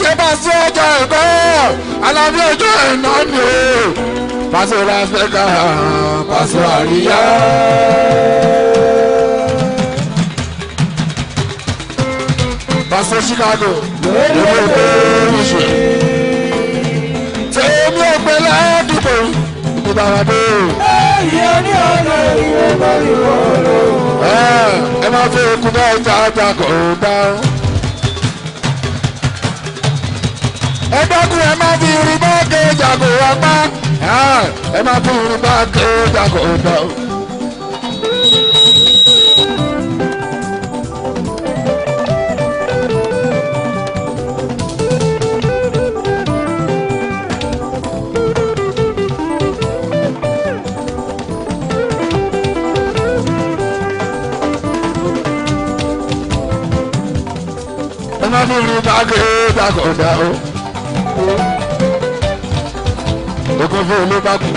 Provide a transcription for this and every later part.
ṣé pàṣẹ ọjọ́ ẹ̀kọ́ alábí ọjọ́ ẹ̀nà ni o pàṣẹ rásẹ́kà pàṣẹ àríyá. pàṣẹ Chicago lórí ọgbẹ́ ìṣe tèmi ọgbẹ́ ládùúgbò ìbàdàn. ẹ̀yìn oní ọ̀nà ìwé bá ìwọ̀ ọ̀rọ̀. ẹ máa fi okùn náà já àjà kò dáhùn. ẹ dákun ẹ má fi irun bá ké jago apá ẹ má fi irun bá ké jago ọ̀dà. ẹ má fi irun bá jago ọ̀dà Ògùn fún olóbàkú.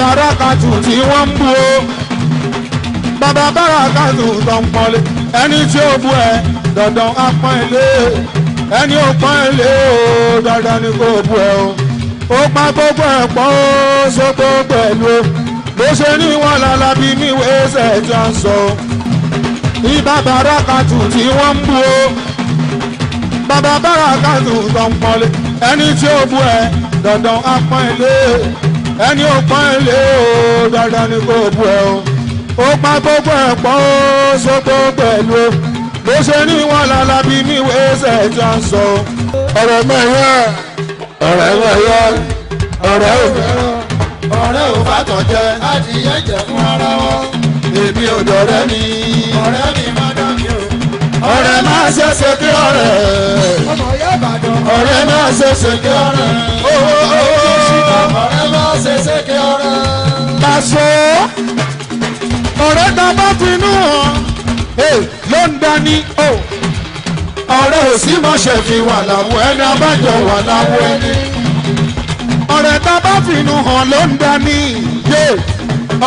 barakatu tí wọ́n ń bu o bàbá barakatu tó ń pọ́nlé ẹni tí ó bu ẹ dandan á pọ́n ilé ẹni ó pọ́n ilé o dandan ni kò bu ẹ o ó pa gbogbo ẹ̀ pọ́ ó so gbogbo ẹ̀ lo bó ṣe ní wọn lálábí níwèé ṣe tí ń sọ ibà barakatu tí wọ́n bu o bàbá barakatu tó ẹni tí ó bu ẹ dandan á pọ́n ilé ẹni ò pọ́n ilé o dandan ni kò bu ẹ o ó pa gbogbo ẹ̀ pọ́ ó sọ́gbó pẹ̀lú o bó ṣe ní wọn lálábí níwèé ṣe jọ ń sọ. ọ̀rọ̀ mẹ́yẹ ọ̀rẹ́ mẹ́yẹ ọ̀rẹ́ òfẹ́ràn ọ̀rẹ́ ò fàtọ̀ jẹ láti yẹ jẹ fún ara wọn. èmi ò dọ̀rẹ́ mi ọ̀rẹ́ mi má dán mi o. ọ̀rẹ́ má ṣe ṣe kí ọ̀rẹ́. ọmọ yẹ́ bàdàn. ọ̀rẹ́ má ṣe ṣe kí ọ̀rẹ́. owó owó. Oh. ọ̀rẹ́ bá ṣe ṣe kí ọ̀rẹ́. Pàṣọ ọ̀rẹ́ ta bá finú hàn ló ń dání o. Ọ̀rẹ́ ò sí mọ̀ ṣe fi wà láwọ̀ ẹni abájọ wà láwọ̀ ẹni. Ọ̀rẹ́ ta bá finú hàn ló ń dání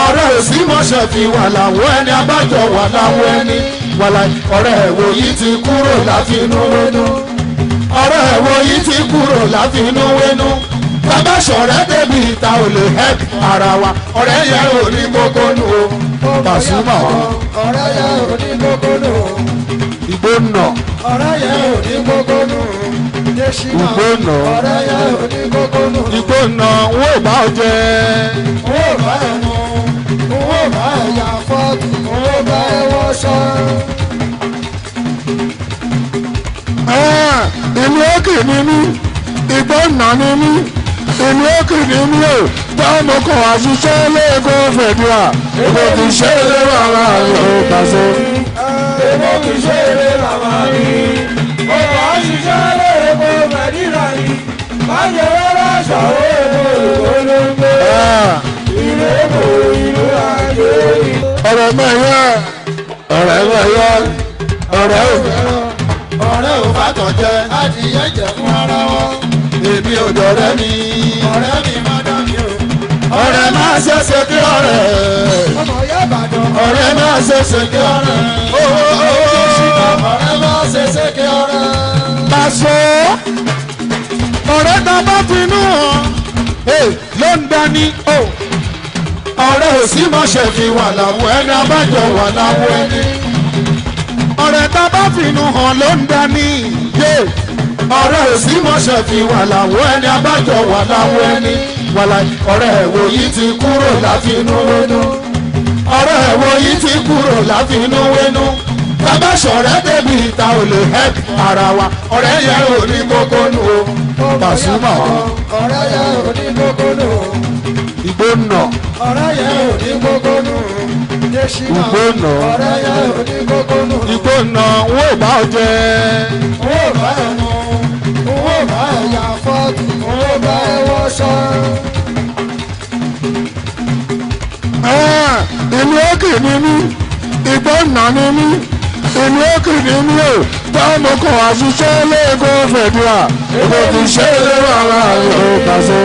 ọ̀rẹ́ ò sí mọ̀ ṣe fi wà láwọ̀ ẹni abájọ wà láwọ̀ ẹni. Ọ̀rẹ́ ẹ̀wò yìí ti kúrò láfinú wẹ́nu. Ọ̀rẹ́ ẹ̀wò yìí ti kúrò láfinú wẹ́nu bàbá ṣọ̀rẹ́ débi ìta ò lè help ara wa ọ̀rẹ́ yẹn ò ní gbogbo nù o Pasuma o. ọ̀rẹ́ yẹn ò ní gbogbo nù o. igbó nà. ọ̀rẹ́ yẹn ò ní gbogbo nù o. igbó nà. ọ̀rẹ́ yẹn ò ní gbogbo nù o. igbó nà n ó bá jẹ. n ó bá ẹ mu n ó bá ẹ yà fọ́ọ̀tù n ó bá ẹ wọṣọ èmi ó kì ní mí ìgbọ́nà ní mí ìlú èkìtì ni o táwọn kan àṣìṣe lẹ́ẹ̀kọ́ fẹ̀dúrà èkó ti ṣe eré bàbá mi ò pàṣẹ. èkó ti ṣe eré bàbá mi ọkọ̀ àṣìṣe lẹ́ẹ̀kọ́ fẹ̀dúrà ni bàjẹ́ rárá ṣàwọ́ èkó èkó ló ń gbé ìlú èkó ìlú àjò ìlú. ọ̀rẹ́ mọ̀ yá ọ̀rẹ́ mọ̀ yá ọ̀rẹ́ ò bá tọ̀ jẹ́ adìyẹ jẹ fún ara wọn mi ò dọ̀rẹ́ mi. ọ̀rẹ́ mi má dá mi o. ọ̀rẹ́ má ṣẹ̀ṣẹ̀ kí ọ̀rẹ́. ọmọ yẹ Ìbàdàn. ọ̀rẹ́ má ṣẹ̀ṣẹ̀ kí ọ̀rẹ́. ọ̀rẹ́ má ṣẹ̀ṣẹ̀ kí ọ̀rẹ́. Paso ọ̀rẹ́ ta bá finú hàn ló ń dání oh. ọ̀rẹ́ ò sí má ṣe fi wà láwọ̀ ẹni abájọ wà láwọ̀ ẹni. ọ̀rẹ́ ta bá finú hàn ló ń dání ọ̀rẹ́ òsì fi wà láwọn ẹni abájọ wà láwọn ẹni wàlà ọ̀rẹ́ ẹ̀wò yìí ti kúrò láfinú wẹ́nu ọ̀rẹ́ ẹ̀wò yìí ti kúrò láfinú wẹ́nu bàbá sọ̀rẹ́ débi ìta ò lè help ara wa ọ̀rẹ́ yẹn ò ní kókó nù o Pasuma ọ̀rẹ́ yẹn ò ní kókó nù o. ìgbó nà. ọ̀rẹ́ yẹn ò ní kókó nù o. ìgbó nà. ọ̀rẹ́ yẹn ò ní kókó nù o. nà n ó bá ọ jẹ. n ó bá ọ mọ out, oh my washer. Èmi òkè ni mí, ìgbọ́n nà ni mí, èmi òkè ni mí o, táwọn ọkọ̀ àṣìṣe lẹ́ẹ̀kọ́ fẹ̀dúrà, èmi kì í ṣe eré wàhálà yóò pàṣẹ.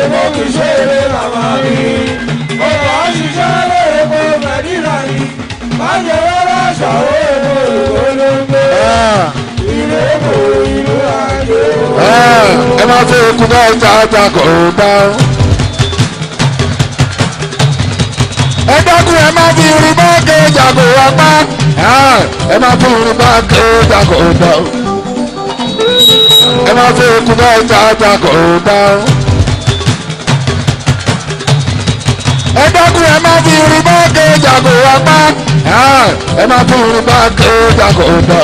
Èmi kì í ṣe eré màmá mi, ọkọ̀ àṣìṣe lẹ́ẹ̀kọ́ fẹ̀dúrà ni, má jẹ́ rárá ṣàwọ́ èmi olùkọ́ ló ń gbé, ah, ìrẹ́kọ̀ọ́ ìlú àná. Ah, ẹ máa fi ikú dá ọjà ọjà kò dá o. ẹ dákun ẹ máa fi irin bá kéjà kò wá pa ah, ẹ máa fi irin bá kéjà kò dá o. ẹ máa fi ikú dá ọjà ọjà kò dá ẹ dákun ẹ máa fi irin bá kéjà kò wá ah, ẹ máa fi irin bá kéjà kò dá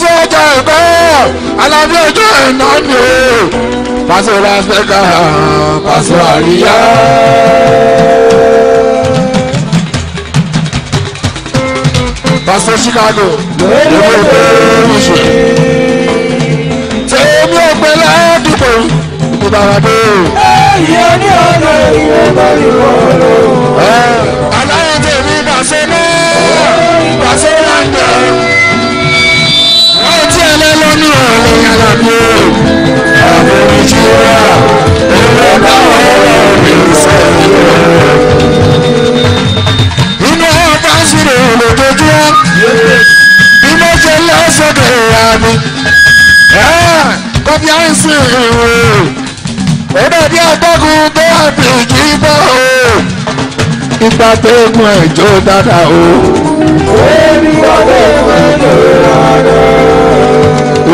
ṣe jẹ ẹgbẹ́ alábí ojú ẹ̀nà ni o pàṣẹ rásẹ̀ká pàṣẹ àríyá. pàṣẹ Chicago lórí ọgbẹ́ oṣù tèmi ọgbẹ́ ládùúgbò ìbára dé. ẹ̀yìn ní ọ̀nà ìwé bá ìwọ̀n lò. bí a ń sin ìwé ó dàbí agbágun tó wà ní ìjìbọ o ìgbà tó egun ẹjọ dáadáa o. èmi ò lè wọ́n lò rárá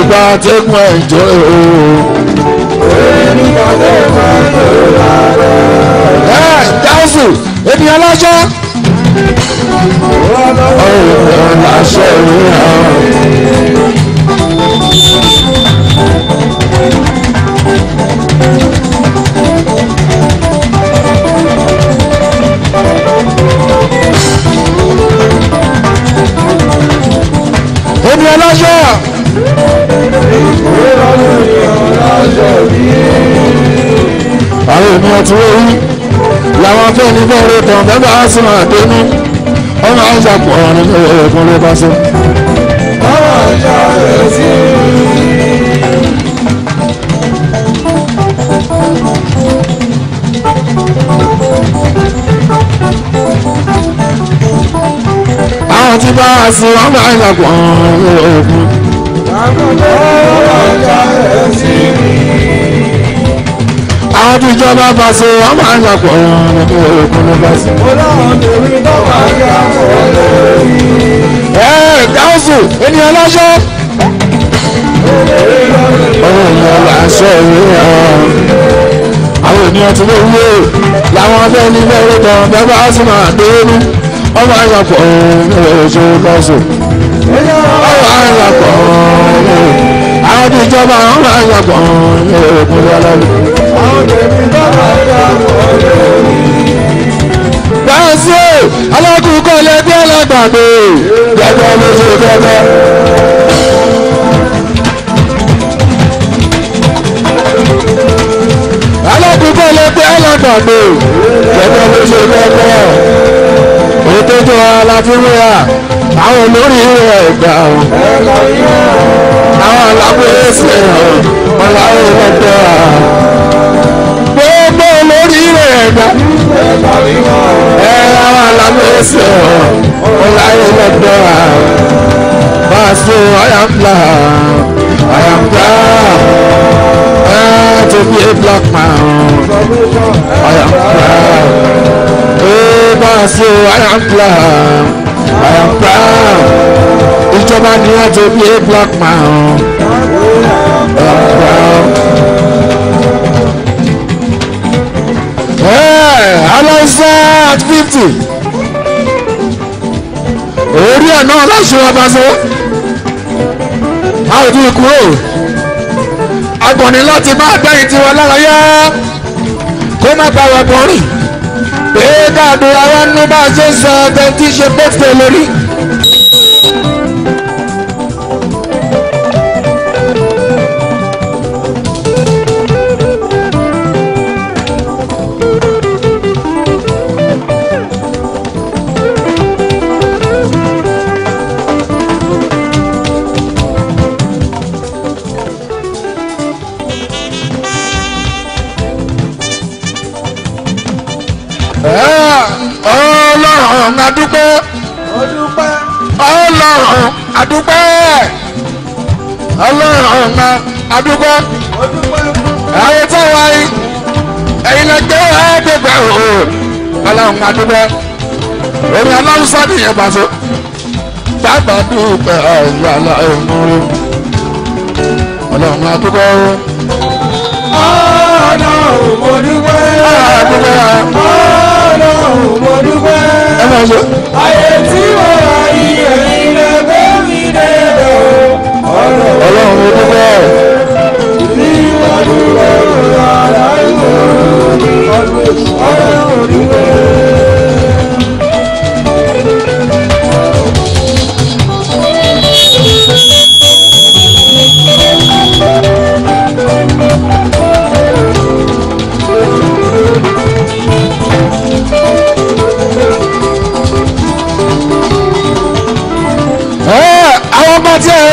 ìgbà tẹ́gùn ẹ̀jọ́ o. ènìyàn lè má lò lára. ẹ dáhùn ènìyàn lọ́jọ́. ọ̀rọ̀ làṣẹ mi hàn. Ènìyàn lọ́jọ́ àwọn ènìyàn tí wọ́n rí làwọn fẹ́ni bẹ́ẹ̀ rẹ̀ tàn bẹ́ẹ̀ bá a sùn àdé ní ọmọ àìsà pọ̀ ọ̀rọ̀ ní ẹ̀rọ kan ló bá sọ. àwọn tí bá a sùn ọmọ àìsà pọ̀ ọ̀rọ̀ ní ẹ̀rọ kan àdìjọba bá ṣe wọn máa ń yàpọ̀ ọ̀rọ̀ ọ̀dọ̀ òkun ló bá ṣe. ọlọ́run tèmi tó wà ní àpò lórí. ẹ gáúsù ènìyàn lọ́ṣọ́. ọ̀rọ̀ ènìyàn lọ́ṣọ́ ìwé ọ̀rọ̀ àwọn ènìyàn ti lè wúwo làwọn abẹ́ ní kan bẹ́ẹ̀ bá sì máa dé ní wọ́n máa ń yàpọ̀ ọ̀rọ̀ òṣèlú gáúsù. ọ̀rọ̀ àyàpọ̀ ọ̀rọ̀ àwọn ìjọba àwọn máa ń yàgbọ̀n ní oògùn lọ́lọ́lù. àwọn tèmi jọba yàgbọ̀n lórí. báyọ̀sí alákùn kọ́ ló ṣe gbẹgbẹ. alákùn kọ́ lé bí ló ṣe gbẹgbẹ. òtítọ́ aláfíwéyà àwọn olórí rẹ̀ gbà gbogbo olórí rẹ̀ gbà. ẹ àwọn alábòyèsè hàn ọ̀làwọ̀ lọ́dọ̀ à. Paso I am black, I am black. Eh, to be a black man, I am black. Eh, Paso I am black. I am proud. Ìjọba ni a ti bí black man. I am proud. Hey, Aláìsá at fifty. Orí ẹ̀ náà láṣọ abáṣọ. A ò dín kúrò. Agbọ̀nì láti máa gbẹ̀yìn tiwọn lára yá. Kó má bá wa bọ̀ rìn èyí dàbí àwọn ní bá a ṣe ń sọ ọ̀tẹ̀ tí ṣe pọ́tẹ́ lórí. ọlọ́run àdúpẹ́ ọlọ́run na àdúpẹ́ ayé tó wáyé ẹ̀yin lè gbé wá gbégbé òhò ọlọ́run àdúpẹ́ omi ọlọ́run sọ́ọ̀dì yẹn bàtó bàbá dúpẹ́ ọ̀yọ́ ọlọ́run ọlọ́run àdúpẹ́ ọ̀nà òmòdúpẹ́ ọ̀nà òmòdúpẹ́ náà ṣe. àyè tí mo rà iye ilẹ̀ bẹ́ mi dẹ́dọ̀ ọlọ́run mo dúpẹ́. ní ìwádìí rẹ̀ rà láì mọ̀ ọdún ọdún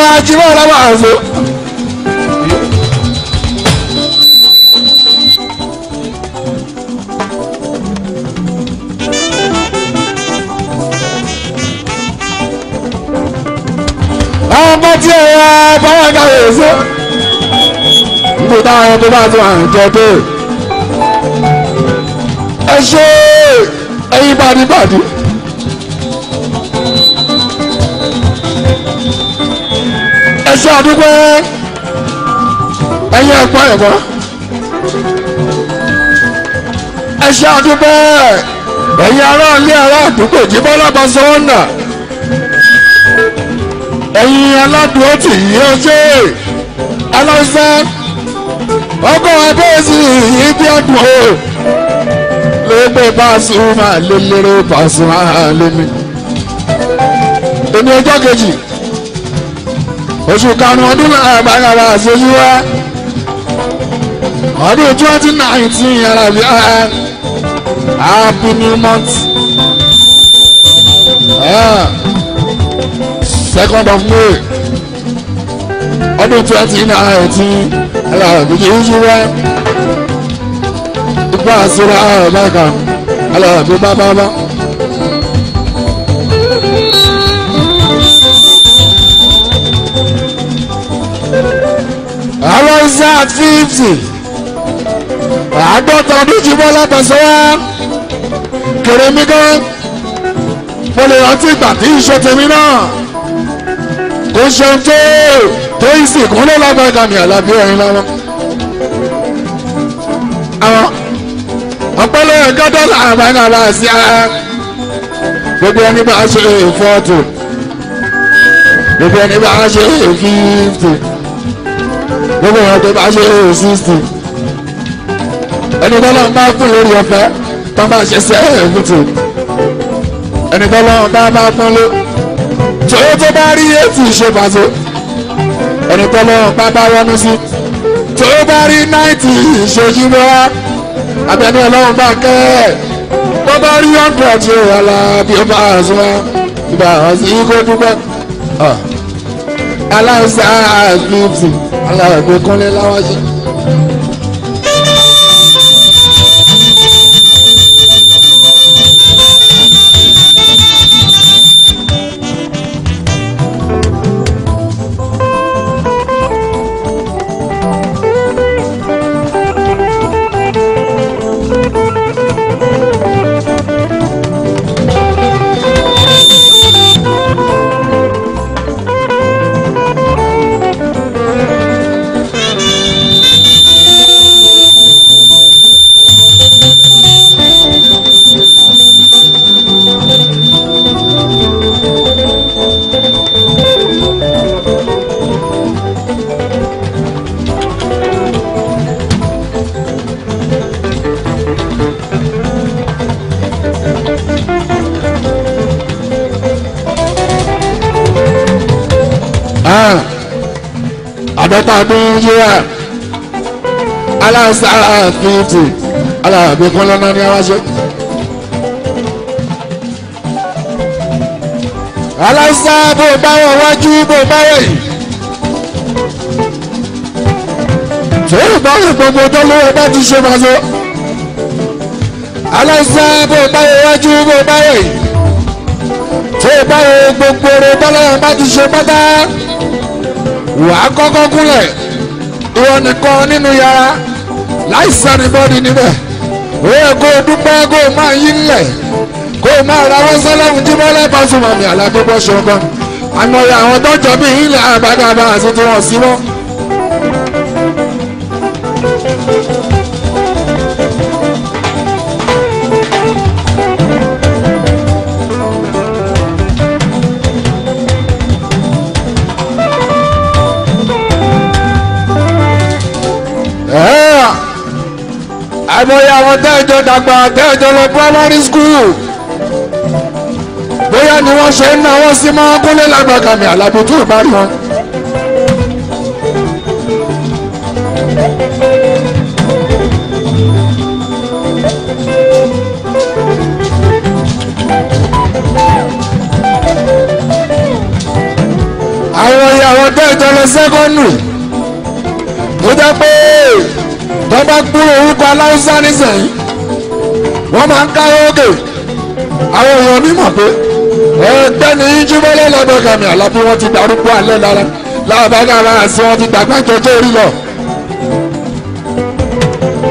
wa ti bá ọlọ́wọ́ àzọ. ọmọ tí ẹ wá báwọn kàwé sí. nígbà táwọn ẹni tó bá tún àrùn jẹ tó. ẹ ṣe ẹyin bá ní bàdí. ẹ àdúgbò ẹ̀yin ẹ̀gbọ́n ẹ̀gbọ́n ẹ àdúgbò ẹ̀yin ará ilé ará àdúgbò jíbọ́lá bá sọ́wọ́ nà ẹ̀yin aládùúgbò tì yí ọjọ́ aláwùsá ọkọ̀ adéèsì yìí bí ọdún o lébè Pasuma lélẹ́rẹ́ Pasuma lẹ́mi. èmi ọjọ́ kejì oṣù karùn-ún ọdún náà gbàgàrà àṣejú wa ọdún twenty nineteen yàrá bí ah, ah, happy new month uh, second of may ọdún twenty nineteen yàrá bí ṣejú wa ipa àṣírà ẹ̀ bá kà á lọ́wọ́ bí bá bá bá. thousand and fifty àádọ́ta ọdún ti bọ́ látàsọ́wọ́ kèrè mi gan mo lè rántí ìgbà tí iṣẹ́ tèmi náà kò ṣe ń tó tó ìsìnkú ló lágbàgà ní àlàbí ẹ̀rín lọ́wọ́. àwọn ọ̀pẹ́lẹ̀ gọ́dọ̀ làwọn ará sí ara gbogbo ẹni bá ṣe fọ́tò gbogbo ẹni bá ṣe fífì gbogbo wọn tó bá ṣe é sixty ẹni tọ́lọ́ bá kún lórí ọ̀fẹ́ tó bá ṣe ṣe é fifty ẹni tọ́lọ́ bá bá kún lé ṣòwò tó bá rí eighty ṣe pàṣẹ ẹni tọ́lọ́ bá bá wọnú sí tó bá rí ninety ṣojú bọ́ abẹ́ni ọlọ́run bá kẹ́ ẹ̀ bó bá rí hundred ṣe wàhálà bí ó bá sọ ìgbà ọ̀sìn kó dúpẹ́ ah. aláìsàn fifty alára ìgbé kúnlé láwáṣí. better being here. Allah Sarah 50. Allah be calling on your house. Allah Sarah bó báwọ̀ wájú bó báwọ̀ yìí. Fèrè báwọ̀ gbogbo tó lówó bá ti ṣe máa lọ. Allah Sarah bó báwọ̀ wájú bó báwọ̀ yìí. Fèrè báwọ̀ gbogbo rẹ̀ bọ́lá bá ti ṣe pátá wà á kọ́kọ́ kúnlẹ̀ ìwọ nìkan nínú yàrá láìsàn ìbọ́dì níbẹ̀ òye kó o dúpẹ́ kó o máa yí ńlẹ̀ kó o máa rawọ́ sọ́lọ́run jí bọ́lá ìbáṣọ mọ̀mí àlàgbé bọ́ àwọn tó jọ ilẹ̀ àbádàbà àti tiwọn sí wọn. àìmọye àwọn tẹ́ẹ̀jọ dàgbà tẹ́ẹ̀jọ lọ primary school bóyá ni wọ́n ṣe ń ná wọ́n sí mọ́ kólé lágbàkàmì àlàbùtù ìbárí wọn. àwọn ìyàwó tẹ́ẹ̀jọ lọ sẹ́kọ́ndù tó jẹ́ pé wọ́n bá gbúrò orúkọ aláwùsá nísìnyí wọ́n máa ń karaoke àwọn èèyàn mi mọ̀ pé ẹgbẹ́ ni jíbọ́lẹ́ lọ́dọ̀ kàmì àlàbí wọ́n ti darúgbó alẹ́ lára láàbáyé ara àti wọ́n ti dàgbà jọjọ́ orí lọ.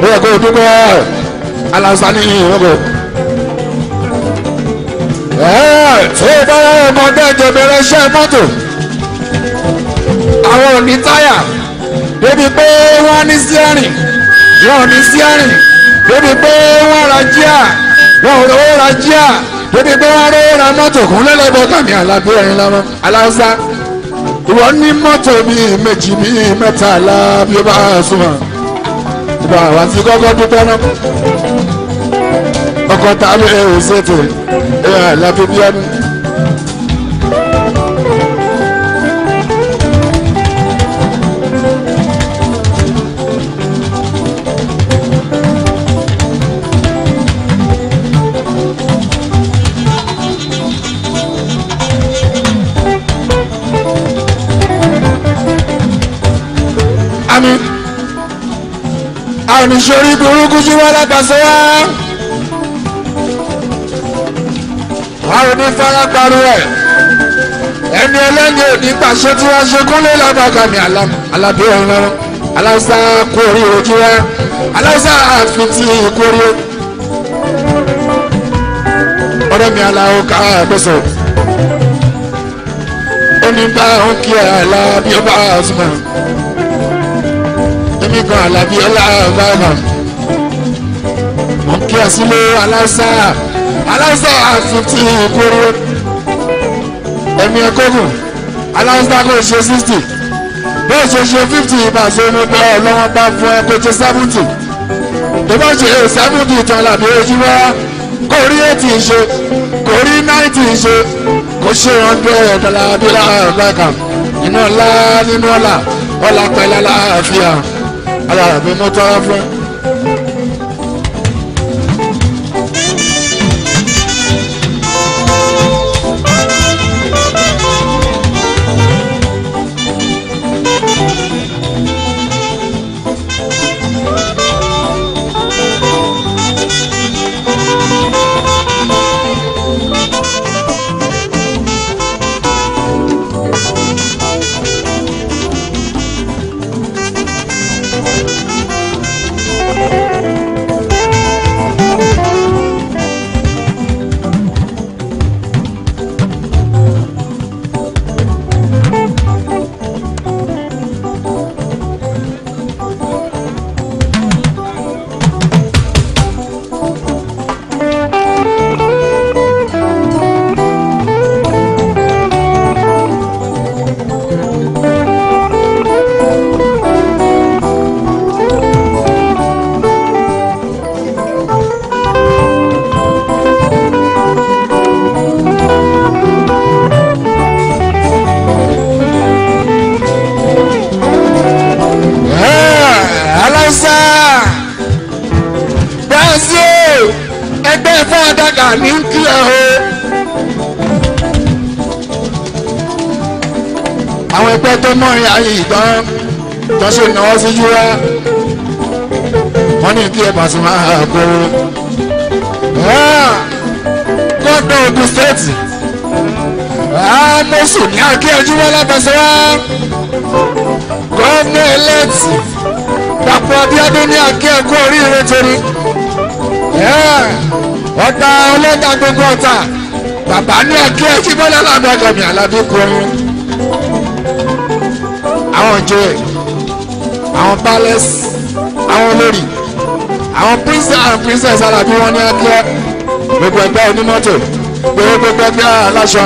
bóyá kó o dúpẹ́ aláwùsá ní ìhòòhò. tó o bá yára ọmọ bẹ́ẹ̀ jẹ bẹ̀rẹ̀ iṣẹ́ mọ́tò àwọn ò ní táyà débi pé wọ́n á ní sí ẹ̀rìn wọn ò ní sí àrìn débi pé wọ́n ra jíà wọn ò rówó ra jíà débi pé wọ́n rówó ra mọ́tò kún lẹ́lẹ́bọ̀ kàmí alábí ẹ̀rín lọ́wọ́ aláṣá ìwọ ní mọ́tò bíi méjì bíi mẹ́ta alábí ó bá súnmọ́ ìgbà wá sí kọ́kọ́ dúpẹ́ náà ọkọ̀ tàbí ẹ̀ ò ṣètò ẹ̀ alábí bíọ́nù. mi àníṣorí burúkú sí wọn látàṣẹ wá àwọn onífarapari rẹ ẹni ẹlẹ́ni òní pàṣẹ tí wọ́n ṣe kúnlẹ̀ lábàgàmì alábí ọ̀run aláṣà kórè ojú rẹ aláṣà àfitì kórè ọ̀rẹ́ mi aláwọ̀ ká àgbẹ̀sọ̀ onígbà òkè alábí ọba àzùmọ̀ èmi kan àlàbí ọlá ọgbàgbà mo kí ẹ sílé aláìsà fifty ìkóró ẹ̀mí ẹ̀kọ́gùn aláìsà kò ṣe sixty bẹ́ẹ̀ ṣe ṣe fifty ìbàṣẹ omi bá ọlọ́wọ́ bá fún ẹ kó ṣe seventy tó bá ṣe seventy ìtàn làbí ojú wá kò rí eighty ṣe kò rí ninety ṣe kò ṣe hundred làbí làbí kan iná ńlá ọ̀la ọ̀la pẹ̀lú àlàáfíà ara mi mo tọrọ fún. àní ẹgbẹ́ tí bọ́lá alágbàdàmì alábẹ́kọrin àwọn joy àwọn palace àwọn olórí àwọn prince and princess alábí wọn ní ẹgbẹ́ gbogbo ẹgbẹ́ onímọ́tò gbogbo ẹgbẹ́ aláṣọ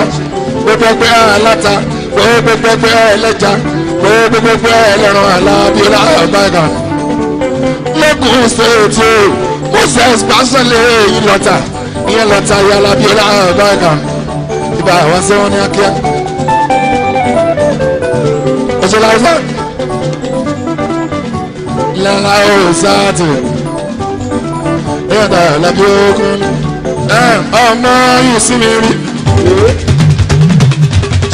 gbogbo ẹgbẹ́ aláta gbogbo ẹgbẹ́ ẹlẹ́ja gbogbo ẹgbẹ́ ẹlẹ́ran alábíọ́lá àbáyọ̀gàn lẹ́kùn ṣètò kó ṣe ẹ̀sìpásọ̀lẹ̀ ìlọ́ta ìyẹn lọ́ta ìyá alábíọ́lá àbáyọ̀gàn bá àwọn ṣé wọn ní akíá òṣèlú àìsàn lára òṣàtì ìyàtọ̀ làbí ogun ọmọ yìí sí mi rí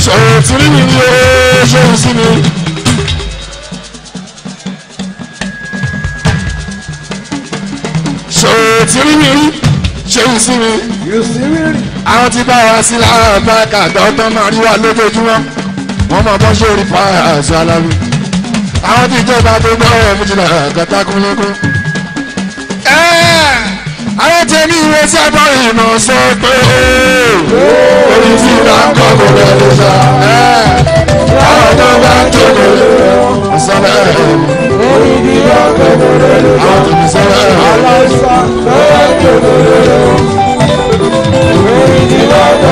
ṣòro tí rí mi o sí mi rí. ṣòro tí rí mi rí sí mi rí àwọn tí bá wa sí lára báàkà àgbà ọtán máa rí wa lójoojúmọ́ wọ́n mọ̀ bọ́n ṣe orí fáyà àṣọ aláwí àwọn tí ìjọba tó gbọ́ ọ̀rọ̀ mi ti là kàtà kúnlẹ́kún. àwọn tí ẹni ìwé sí abọ́rọ̀ ìmọ̀ sọ pé orí tí bá ń kọ́ kò lọ lè sá. àwọn tó bá ń tó lè lọ sọ́dọ̀ ẹ̀ orí tí bá ń kọ́ kò lọ lè sá. àwọn tó bá tó lè lọ sọ́dọ̀ ẹ̀.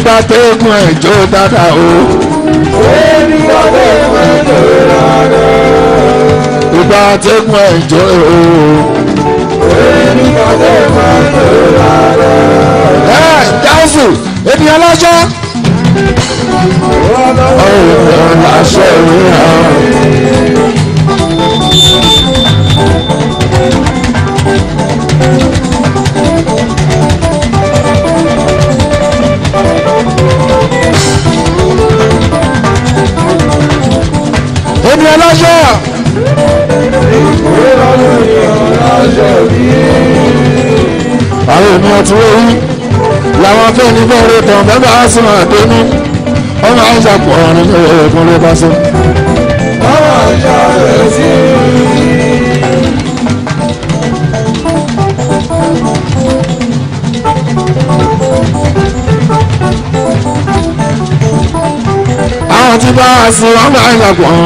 gbà tẹ́gùn ẹ̀jọ́ dára o. èmi gbà tẹ́gùn ẹ̀jọ́ dára. ìgbà tẹ́gùn ẹ̀jọ́ o. èmi gbà tẹ́gùn ẹ̀jọ́ dára. ẹ jáfù ènìyàn lọ́jọ́. ọ̀rọ̀ làṣẹ ìrìn àwọn. ènìyàn láṣọ. ìkórè àwọn ènìyàn láṣọ bí. àwọn ènìyàn làwọn afẹ́ni fẹ́ rẹ tàn bẹ́ẹ̀ bá sùn àdéhùn ọmọ àìsàn pọ̀ ọ̀run lọ́wọ́ ẹ̀kún ló bá sọ. ọmọ àìsàn rẹ̀ sí i. ọlọ́run ti bá a sí ọmọ àyàgbọ́n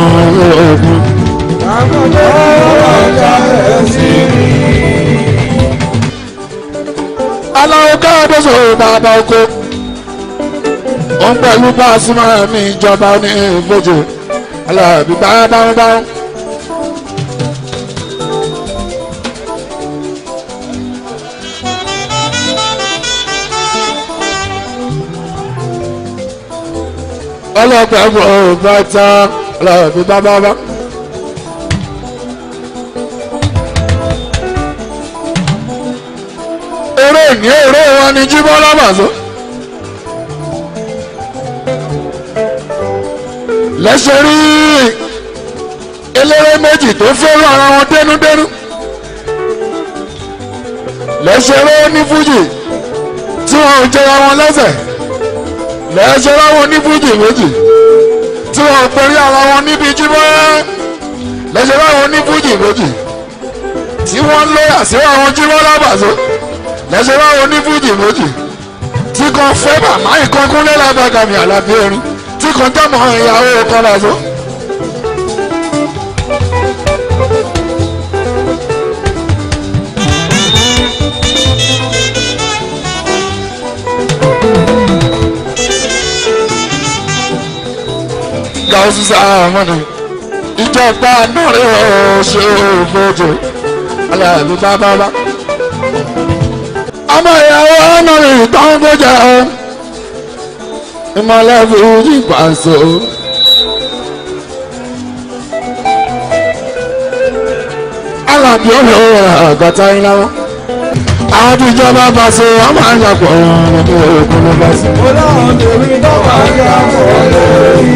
ogun. àkọ́kọ́ ọjà rẹ̀ sí mi. aláwo káàdé sọ̀rọ̀ bàbá oko òun pẹ̀lú bá a sí máa mi ìjọba ní ìbòjò aláàbí bá a bá ń bá ń. ọlọ́pẹ́ mọ̀ ọ́ bàtà ọlọ́pẹ́ bàbá. eré ní eré wọn ni jíbọ́ lábàzọ́. lẹ́sẹ̀ rí eléré méjì tó fẹ́ràn ara wọn dẹnudẹnu lẹ́sẹ̀ rí onífújì tí wọ́n ń jẹra wọn lẹ́sẹ̀ lẹ́ẹ̀ṣẹ́ láwọn oníbújì méjì tí wọ́n pẹ̀lú ara wọn níbi jímọ́ lẹ́ẹ̀ṣẹ́ láwọn oníbújì méjì tí wọ́n lé àṣírí àwọn jímọ́ lábàṣọ lẹ́ẹ̀ṣẹ́ láwọn oníbújì méjì tí kan fẹ́ bàmá ìkankúnlé lábàgàmì àlàbí erin tí kan jámọ́ ìyàwó kan làṣọ. sísá mọ́ni ìjọba náà rẹ̀ ó ṣe òfòjò aláàbí bábábá. ọmọ ìyàwó ọ̀nà ìtàn gbọ́jà ìmọ̀lẹ́ fi rí pàṣẹ. alábí ọ̀rọ̀ àgàtà iná wọn àwọn tó ìjọba bá ṣe wọn máa ń yàpọ̀ wọn lọ́dún òkú ló bá ṣe. ọlọ́run tèmi tó wà yà wọ́n lórí.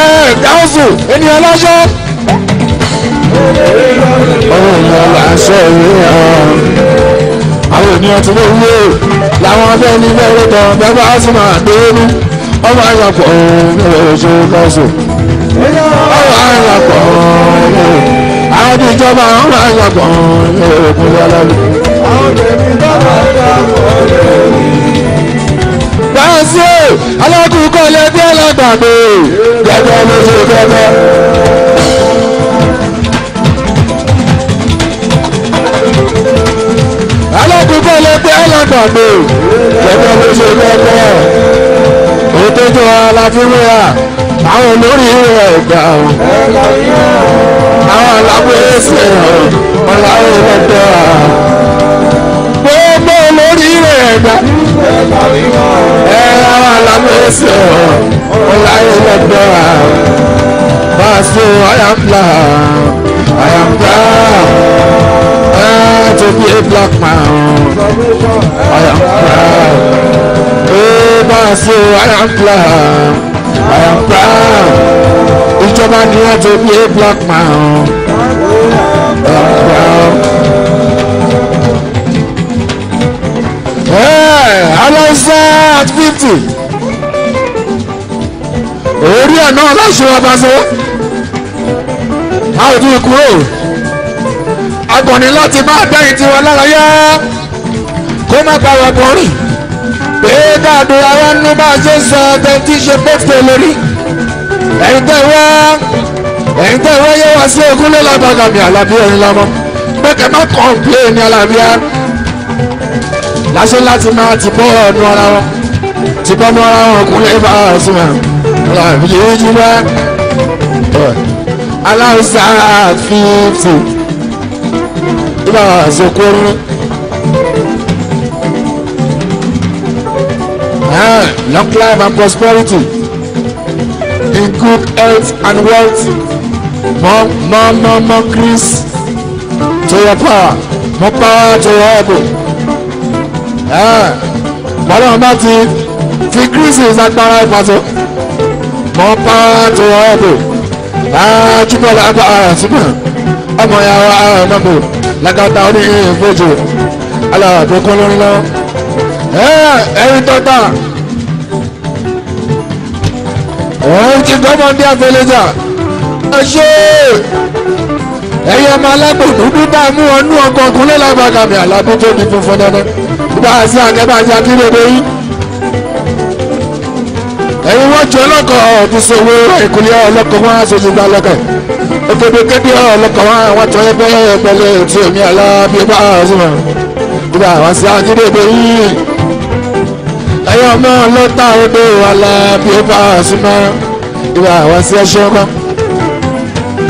ẹ dáhùnsù ènìyàn láṣọ. ìwé hàn. àwọn ènìyàn ti lè wúlò làwọn bẹ́ẹ̀ ní bẹ́ẹ̀ tán bẹ́ẹ̀ bá sì máa dé ní. wọ́n máa ń yàpọ̀ wọn lọ́dún òkú ló bá ṣe. ọ̀rọ̀ àyàpọ̀ wọn àwọn tí ìjọba àwọn máa ń yàgbọ̀n ní òògùn lọ́lọ́lù. àwọn tèmi bàbá ìyá wọn lè rí. báńsì alákùn kọ́ lé bí alágbàdo gẹ́gẹ́ ló ṣe gẹ́gẹ́. alákùn kọ́ lé bí ló ṣe gẹ́gẹ́. òtẹ́jọ́ aláfíwéyà àwọn olórí rẹ̀ gbà ó àwọn aláwẹ̀ẹ́sẹ̀ ọ̀làwẹ̀ lọ́dọ̀ gbogbo lórí rẹ̀ gbà ẹ àwọn aláwẹ̀ẹ́sẹ̀ ọ̀làwẹ̀ lọ́dọ̀ Pastor I am black I am proud eh, to be a black man I am proud eh, Pastor I am black. to be a black man. Black man. Hey, eh, Alaisa at fifty. Orí ẹ̀ náà láṣọ ọba ṣe. A ò dín kúrò. Agbọ̀nì láti máa dẹ́yìn tiwọn lára yá. Kó má pa ọ̀gbọ̀n rìn. Pé dáadọ́ ara ń ní bá a ṣe ń sọ ọdẹ tí ń ṣe pẹ́ẹ́tẹ̀ lórí. Ẹ̀yin tẹ̀ wá ẹ̀yin tẹ́ wáyé wá sí ogún lé lágbàgà mi àlàbí ẹ̀yin lọ́mọ pẹ́kẹ́ má kọ̀ǹpléènì àlàbí á láṣẹ láti máa ti bọ́ ọ̀nù ara wọn ti bọ́ ọ̀nù ara wọn kún lè bá a sùn wọn àlàbí yìí jí wá aláwùsá fífi ìbá àzọkóró. Ah, long life and prosperity in good health and wealth. More, more, more, more grace to your power. More power ọba ti fi Chris agbára ìpàtó. More power to your elbow. Ah, Jùmọ̀ lágbà ara ah, síbẹ̀. Ọmọ ya wa ara ah, nàbò. Lágàtà ó ní ìfojò. Aláàbò kọ́ lórí lọ. Ẹyin tó tà. Òun ti gbọ́mọdé àfẹlẹ́jà ṣe ẹ̀yin ọmọ alágbòdú bíbá mú ọnú ọkọ ọkùnrin lágbàdà mi àlábí tó di funfun dandan bá a sí akẹ́bá àti akérèdé yìí ẹ̀yin wọ́n ju ọlọ́kọ̀ ọ̀tún sòwò ìkúlẹ̀ ọlọ́kọ̀ wọn aṣojú gba lọ́kọ̀ òkèdè kéde ọlọ́kọ̀ wọn àwọn tó ẹgbẹ́ ẹgbẹ́lẹ́ tí omi alábí bá a sí wọn bá a sí akérèdé yìí ẹ̀yin ọmọ ọlọ́ta odò alábí bá a sí wọn bá a sí ẹṣẹ́ wọn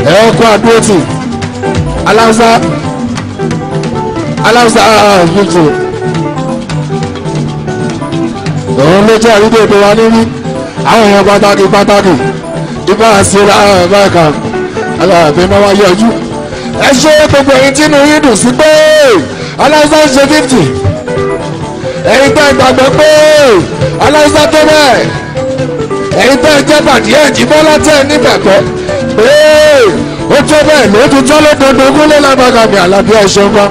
ẹ kó àdúró tì aláwùsá aláwùsá àgbèjì ah, ah, òun ló jẹ́ àrídé ètò wa níbí àwọn èèyàn pàtàkì pàtàkì ibà síra ah, báyìí aláàfin náà wá yọjú ẹ ṣe gbogbo ẹ̀yin tínú yín dùn sí pé aláwùsá ń ṣe fífì ẹ̀yin tẹ́ gbàgbọ́ pé aláwùsá tó bẹ́ẹ̀ ẹ̀yin tẹ́ jẹ́ bàdí ẹ̀jì bọ́lá tẹ́ nígbàgbọ́ ó tó bẹ́ẹ̀ ló tún tọ́ lódodo kúnlé lágbàgàmì Àlàbí ọ̀ṣun kan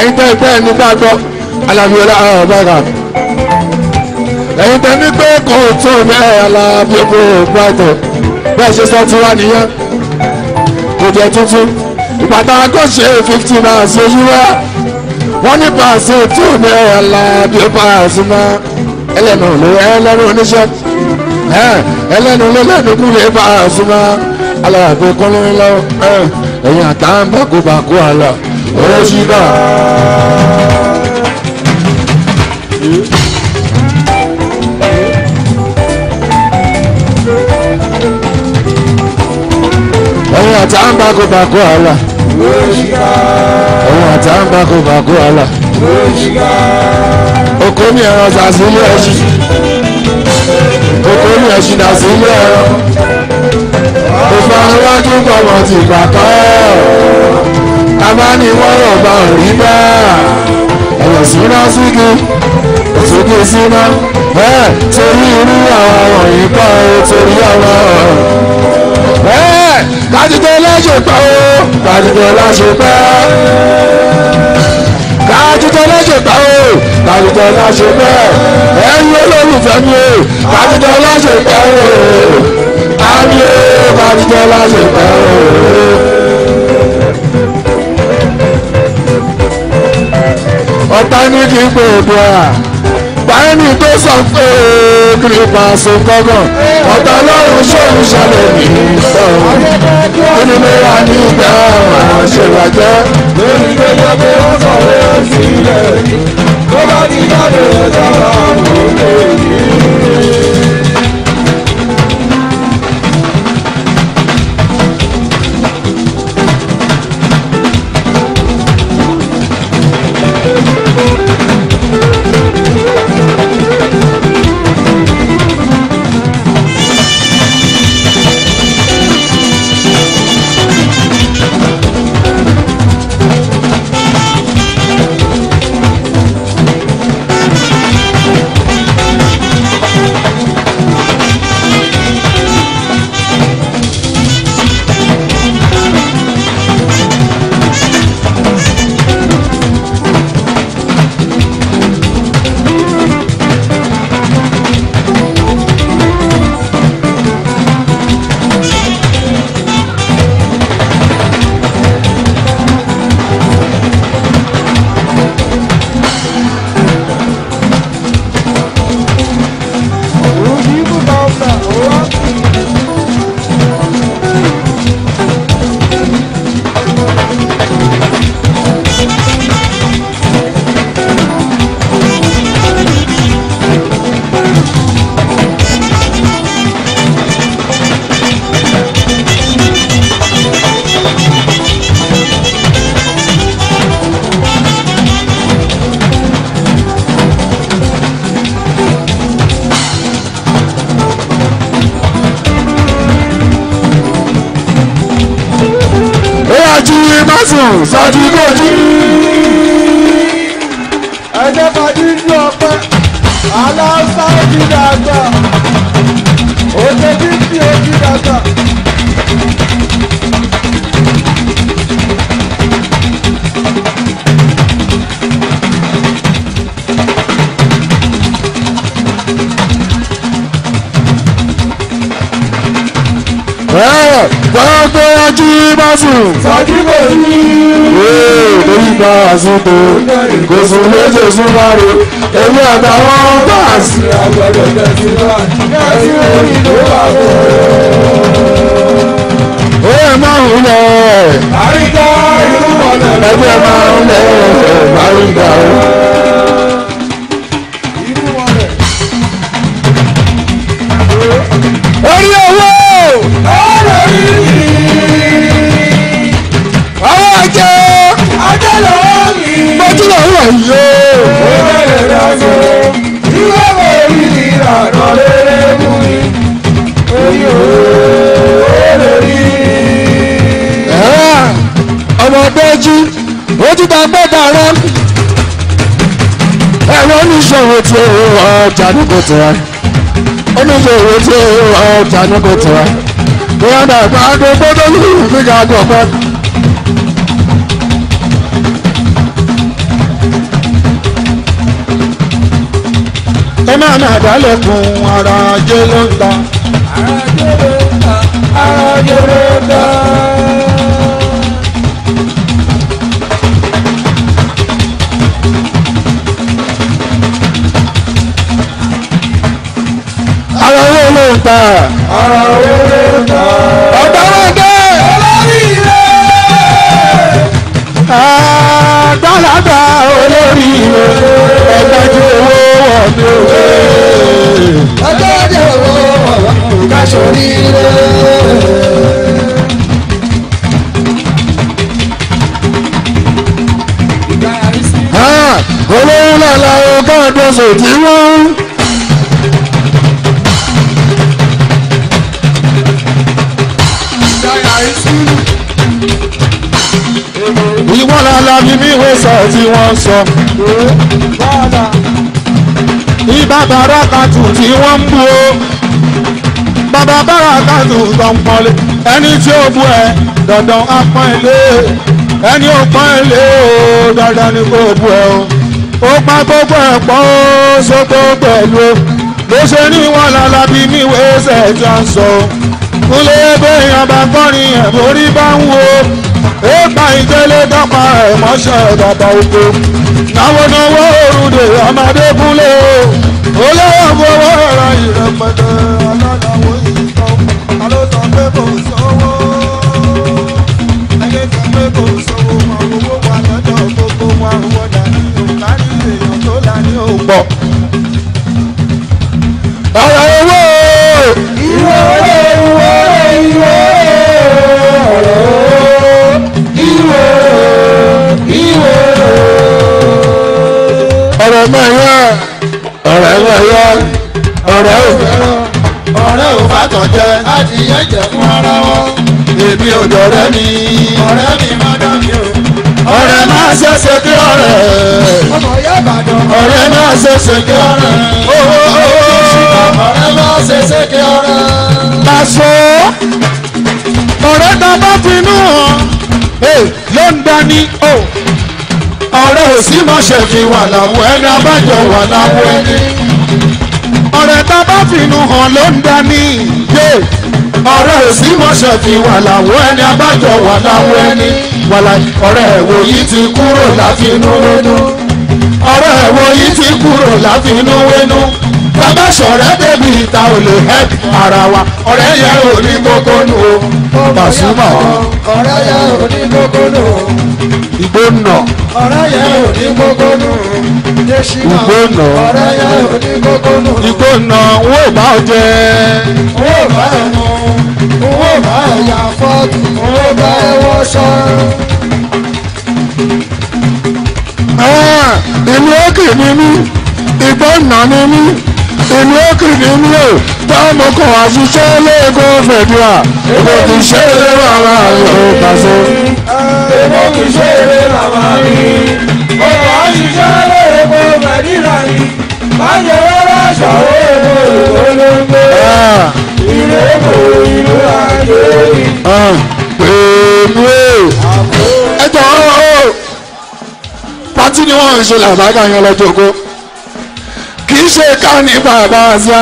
ẹ̀yin tẹ́ ìpẹ́ ẹni bá gbọ́ Àlàbí ọ̀làbàgàmì ẹ̀yin tẹ́ ní pé kò tó bẹ́ẹ̀ Àlàbí ọ̀gbàgbọ́ bẹ́ẹ̀ ṣe sọ ti wá nìyẹn kò jẹ́ tuntun ìpàtà àgọ́ṣe fifty náà ṣe yíwá wọ́n ní pàṣẹ tù ní Àlàbí pàṣẹ mọ́ ẹlẹ́nu ló ẹlẹ́nu oníṣẹ́ ẹlẹ́nu ló lẹ́nu kúlẹ̀ pàṣẹ mọ́ aláàgbé kọ́lọ́lọ́ ẹ̀yìn àtà bákòbákò àlà ọ̀rẹ́ ṣídà. ẹ̀yìn àtà bákòbákò àlà ẹ̀yìn àtà bákòbákò àlà oko ní ẹran ṣàṣìlẹ̀ ẹṣin oko ní ẹṣin ṣàṣìlẹ̀ ẹran ìfarajù kọmọ ti gbàtọ́ abániwọ́rọ̀ bá ò rí bẹ́ẹ̀ ọ̀rọ̀ síná sígi òsókè síná bẹ́ẹ̀ torí irú àwọn wọ̀nyí kọ́ ọ torí ọ̀rọ̀ bẹ́ẹ̀ kájíkẹ́ láṣẹ pẹ́ o kájíkẹ́ láṣẹ pẹ́ kájíkẹ́ láṣẹ pẹ́ o kájíkẹ́ láṣẹ pẹ́ ẹ̀yin olólùfẹ́ mi o kájíkẹ́ láṣẹ pẹ́ o ní ó bá ti jẹ́ láṣẹ pẹ́ o. ọ̀tá ní kí n pè òdo à báyìí tó sọ pé kiri pàṣẹ kọ́gàn ọ̀tá lọ́rùn ṣòun ṣẹlẹ̀ ní sọ̀rọ̀ onímọ̀ra ní ìgbà àwọn ṣèwájẹ́. lórí gbẹ́jọ́ pé wọ́n sọ pé ó sílẹ̀ ní tó bá ti jáde ọjọ́ àwọn òkè yìí. pàṣípò ìkóso méje súnmọ́re èmi àtàwọn pàṣí àgbàdo tẹ̀síwá láti orí ló wà bọ̀. ó yẹ máa ń lọ. àríkà irú ọ̀nà ẹgbẹ́ máa ń lọ. àríkà irú ọ̀nà. ayé. ìwé ìrànlọ́ ìwé orí ìlànà ah, lérè mú mi. oyè òòlè rí. ọmọdé jí ojú ta gbẹ́dà rẹ. ẹ̀rọ oníṣòwò tí ọjà ní kò tẹ̀ wá oníṣòwò tí ọjà ní kò tẹ̀ wá. bí wọ́n dàgbà àgbẹ̀ gbọ́dọ̀ yìí nígbà àgbọ̀ pẹ́. náà náà dálẹ̀kùn ara ajé ló ń ta. ara ajé ló ń ta ara ajé ló ń ta. ara owó ló ń ta. ara olórí rẹ̀. àgbàlagbà olórí rẹ̀ ẹ̀dájú owó mi ò wé. ọjọ́ dé owó ká sórí ilé. olówó lọ́la o káàdó sòtì wọ́n. ìwọ́n la la fi mí wé sọ tí wọ́n sọ ibà bàràkàtù tí wọ́n ń bu o bàbá bàràkàtù tó ń pọ́nlé ẹni tí ó bu ẹ dandan á pọ́n ilé ẹni ó pọ́n ilé o dandan ni kò bu ẹ o ó pa gbogbo ẹ̀ pọ́ ó sógbó pẹ̀lú o bó ṣe ní wọn lálábí níwé ẹsẹ̀ tí a ń sọ kúlé bóyá bá kọrin ẹ̀ lórí bá ń wo ó pa ìjẹ́lé dápa ẹ̀ mọ́ṣẹ́ bàbá oko náwó náwó òrùdè ọmọdé kúnlẹ̀ o olówó fowó ra ìrẹpẹtẹ aládàáwó ìtàn alóta pé kò sówó ẹgbẹ́ kan pé kò sówó mọ owó wà lọ́dọ̀ gbogbo wọn wọ́n dàní òkà ní èèyàn tó là ní òpọ̀. ọ̀rẹ́ máa yá ọ̀rẹ́ máa yá ọ̀rẹ́ ò fẹ́ràn ọ̀rẹ́ ò fàtọ̀ jẹ adìyẹ jẹ fún ara wọn èmi ò dọ̀rẹ́ mi ọ̀rẹ́ mi má dán mi o. ọ̀rẹ́ máa ṣẹ̀ṣẹ̀ kí ọ̀rẹ́ ọmọ yá Ìbàdàn ọ̀rẹ́ máa ṣẹ̀ṣẹ̀ kí ọ̀rẹ́ ọ̀rẹ́ máa ṣẹ̀ṣẹ̀ kí ọ̀rẹ́. Paso ọ̀rẹ́ tá a bá finú hàn yóò ń dání o. Oh ọ̀rẹ́ ò sí má ṣe fi wà láwọ̀ ẹni abájọ wà láwọ̀ ẹni. ọ̀rẹ́ tá a bá fìnnú hàn ló ń dání. ọ̀rẹ́ ò sí má ṣe fi wà láwọ̀ ẹni abájọ wà láwọ̀ ẹni. ọ̀rẹ́ ẹ̀wò yìí ti kúrò láfinú wẹ́nu. ọ̀rẹ́ ẹ̀wò yìí ti kúrò láfinú wẹ́nu. bàbá sọ̀rẹ́ débi ìta ò lè hẹ́ẹ̀kì ara wa ọ̀rẹ́ yẹn ò gbogbo nù o. Pasuma ọ̀rẹ́ yẹ ò ní gbogbo ìgbónà ọ̀rẹ́ yẹ ò ní gbogbo ìgbónà ọ̀rẹ́ yẹ ò ní ìgbónà n bá jẹ n bá ẹ mú bá yà fọ́ọ̀tù n ó bá ẹ wọṣọ ah, èmi ó kì í ní ìgbónà ní mí inú òkìrìkì inú ò bá mo kàn wá ṣiṣẹ́ lẹ́ẹ̀kọ́ fẹ̀dúrà èmi kì í ṣe eré bàbá mi ò pàṣẹ. èmi kì í ṣe eré bàbá mi mo kàn wá ṣiṣẹ́ lẹ́ẹ̀kọ́ fẹ̀dúrà ni máa jẹ rárá ṣàwọ́ èmi ò lóńgbé ilé kò ìlú àjò yìí. èmi ẹ jọ̀ọ́ pátí ni wọ́n ń ṣe làbágà yẹn lọ́jọ́ kó kì í ṣe ká ní bàbá àṣà.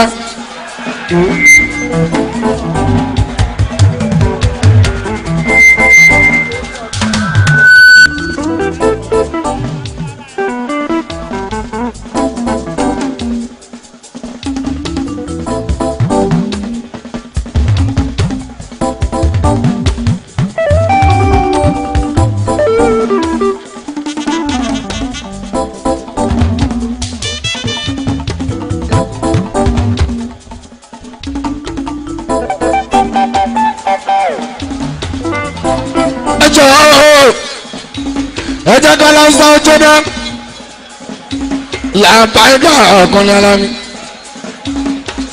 àtàyíká ọ̀kùnrin alámi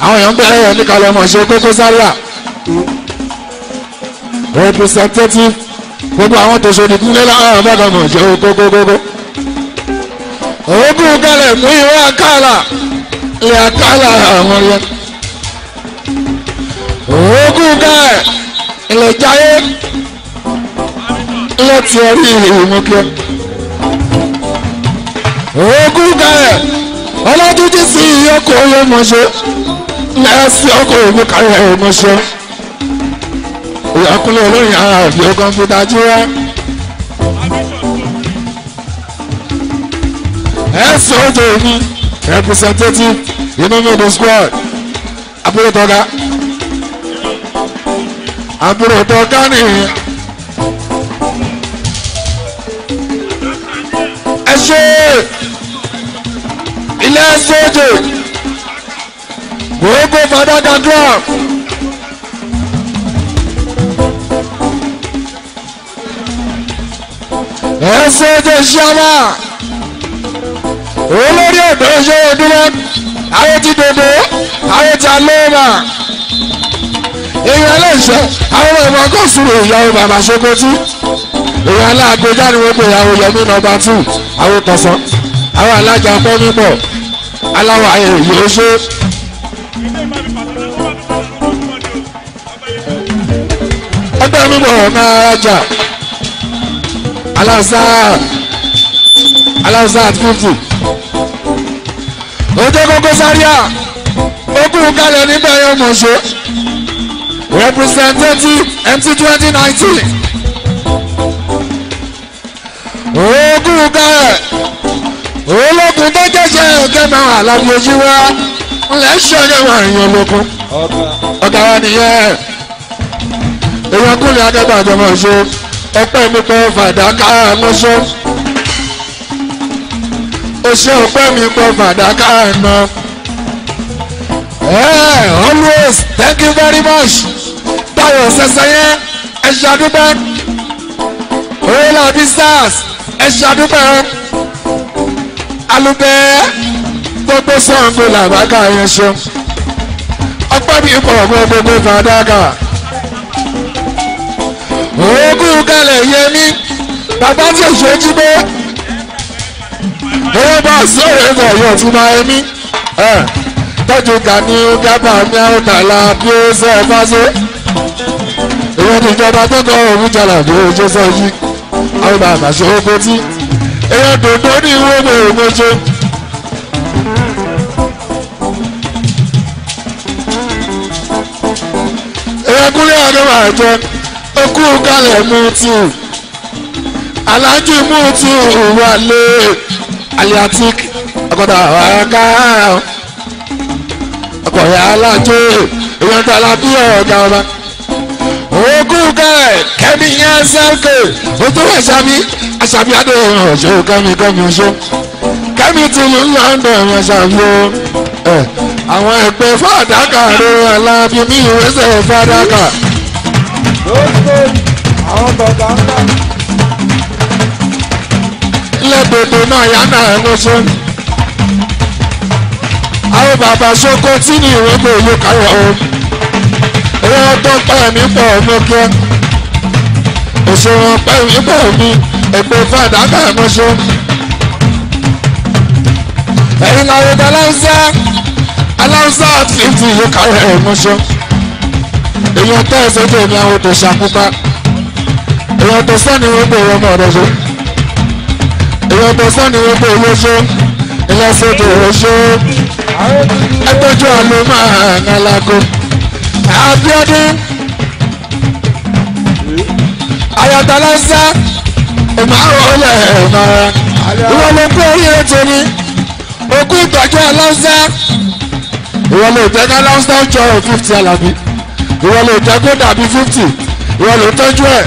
àwọn èèyàn bẹ̀rẹ̀ yẹn níkàlẹ̀ ọmọ ìṣe Koko Zaria representative gbogbo àwọn tó ṣòdì kúnlẹ̀ láwọn ọ̀bẹ̀kọ̀ ọmọ ìṣe kókókókó òógùn kalẹ̀ mú ìwé àkàlà ìyá àkàlà àwọn yẹn òógùn kalẹ̀ ilẹ̀ jayé ilẹ̀ tiẹ̀ rí ìmúkẹ́ ogun kalẹ̀ ọlọ́dún ti sí ọkọ̀ oyè mọ̀ṣẹ́ lẹ́sí ọkọ̀ ogun kalẹ̀ mọ̀ṣẹ́ ìyàkúlẹ̀ olóyìn ara òbí ogun fi dájú rẹ. ẹ̀sì ọjọ́ òní representative inomido squad àbúrò tọ́gá àbúrò tọ́gá nìyẹn. ẹ ṣe é soldier. we go further than drum. Ẹ soldier ṣọ́mà. Olórí ọ̀dọ́ ṣe òdúró. Ayé ti dòdò. Ayé ti alóòmà. Èèyàn lè ṣe àwọn ọmọ ẹ̀mọ́ kò sùn ìyàwó bàbá ṣe kojú. Èèyàn aláàgbéjáde wọ́n pè ìyàwó Yẹmí nọ́mbà two. Àwọn tọ̀sán. Àwọn alájà pọ́ mímọ̀ aláwọ̀ ayé yóò ṣe. ọgbẹ́ mi bọ̀ máa jà aláṣà aláṣà fífù òjò Koko Zaria ogún kalẹ̀ níbẹ̀ yọ mọ̀ṣọ́ representative MT twenty nineteen ogún kalẹ̀ kẹ́ máa wà lábí ojú wa ńlẹ̀ ṣọ́yẹ́ wà èèyàn lókun ọ̀gá wa nìyẹn èèyàn kúnlẹ̀ adébàjọ́ mọ̀ ṣe ọpẹ́ mi kọ́ fàdákà mọ́ṣọ́ oṣù ọpẹ́ mi kọ́ fàdákà ná. always thank you very much táwọn ṣẹṣẹ yẹn ẹ ṣàdúpẹ́ oyè làbí stars ẹ ṣàdúpẹ́ alùpẹ́ gbọ́ pé Ṣàngó làbákà yẹn ṣeun ọpẹ́ mi pọ̀ mọ́ gbogbo fàdákà òògùn kalẹ̀ yẹn ní bàbá tí èso jí bó owó bá sọ̀rọ̀ ẹ̀kọ́ yóò tún máa ẹ mí tọ́jú gani gábà mi àwọn tààlà bí ó sọ ẹ bá ṣe ìwọ ni òun jàlá bí ó ṣe sọ yìí àwọn bàbá ṣe ó kó tí èèyàn dòdò ní ìwé mi ò mọ ṣe. ẹkúnlẹ̀ ọdún àjẹ okú kalẹ̀ mutu alájú Mútu wálé aliatik ọgọdà ọ̀ọ́ká ọ̀pọ̀yà alájú ìyẹn tó alábí ọ̀gá ọba okú kalẹ̀ kẹ́mi yẹn sẹ́ńkè ojú àṣàbí àṣàbí adé ọ̀ṣọ́ kẹ́mi kẹ́mi ọ̀ṣọ́ kẹ́mi tìlú London ọ̀ṣàbí ọ̀ ẹ̀ àwọn ẹgbẹ́ fàdákà ló aláàfin ní ìwésẹ̀ fàdákà. lẹ́gbẹ̀dẹ̀ náà yá náà ẹnu sọ́ni. àwọn bàbá sọ́kọ́ tí ní ìwé kò yí káyọ̀ o. owó tó pẹ́ mi pọ̀ mú kẹ́. òṣèwọ̀n pẹ́ mi pọ̀ mi ẹgbẹ́ fàdákà ẹnu sọ́ni. ẹ̀yin làwọn ìdálẹ́ ń sẹ́ concert fifty yóò kárẹ̀ ẹ̀ mọ́ṣọ́ èèyàn tẹ́ ẹsẹ̀ tó ní àwọn tó ṣàkópa èèyàn tó sẹ́ni wọ́n gbé ọmọ rẹ̀ ṣe èèyàn tó sẹ́ni wọ́n gbé owó ṣe ìlẹ́sẹ̀ tó wọ́n ṣe ẹgbẹ́jú àlọ́ máa ń alágò Abíọ́dún ayọ̀tọ̀lọ́sẹ́ ìmọ̀ràn olè ìmọ̀ràn ìwọlé pé orí ètò ni òkú ìtọ́jú ọlọ́sẹ́ ìwọ ló jẹ́ ká lásán jọrọ fifty alábí ìwọ ló jẹ́ kó dàbí fifty ìwọ ló tọ́jú ẹ̀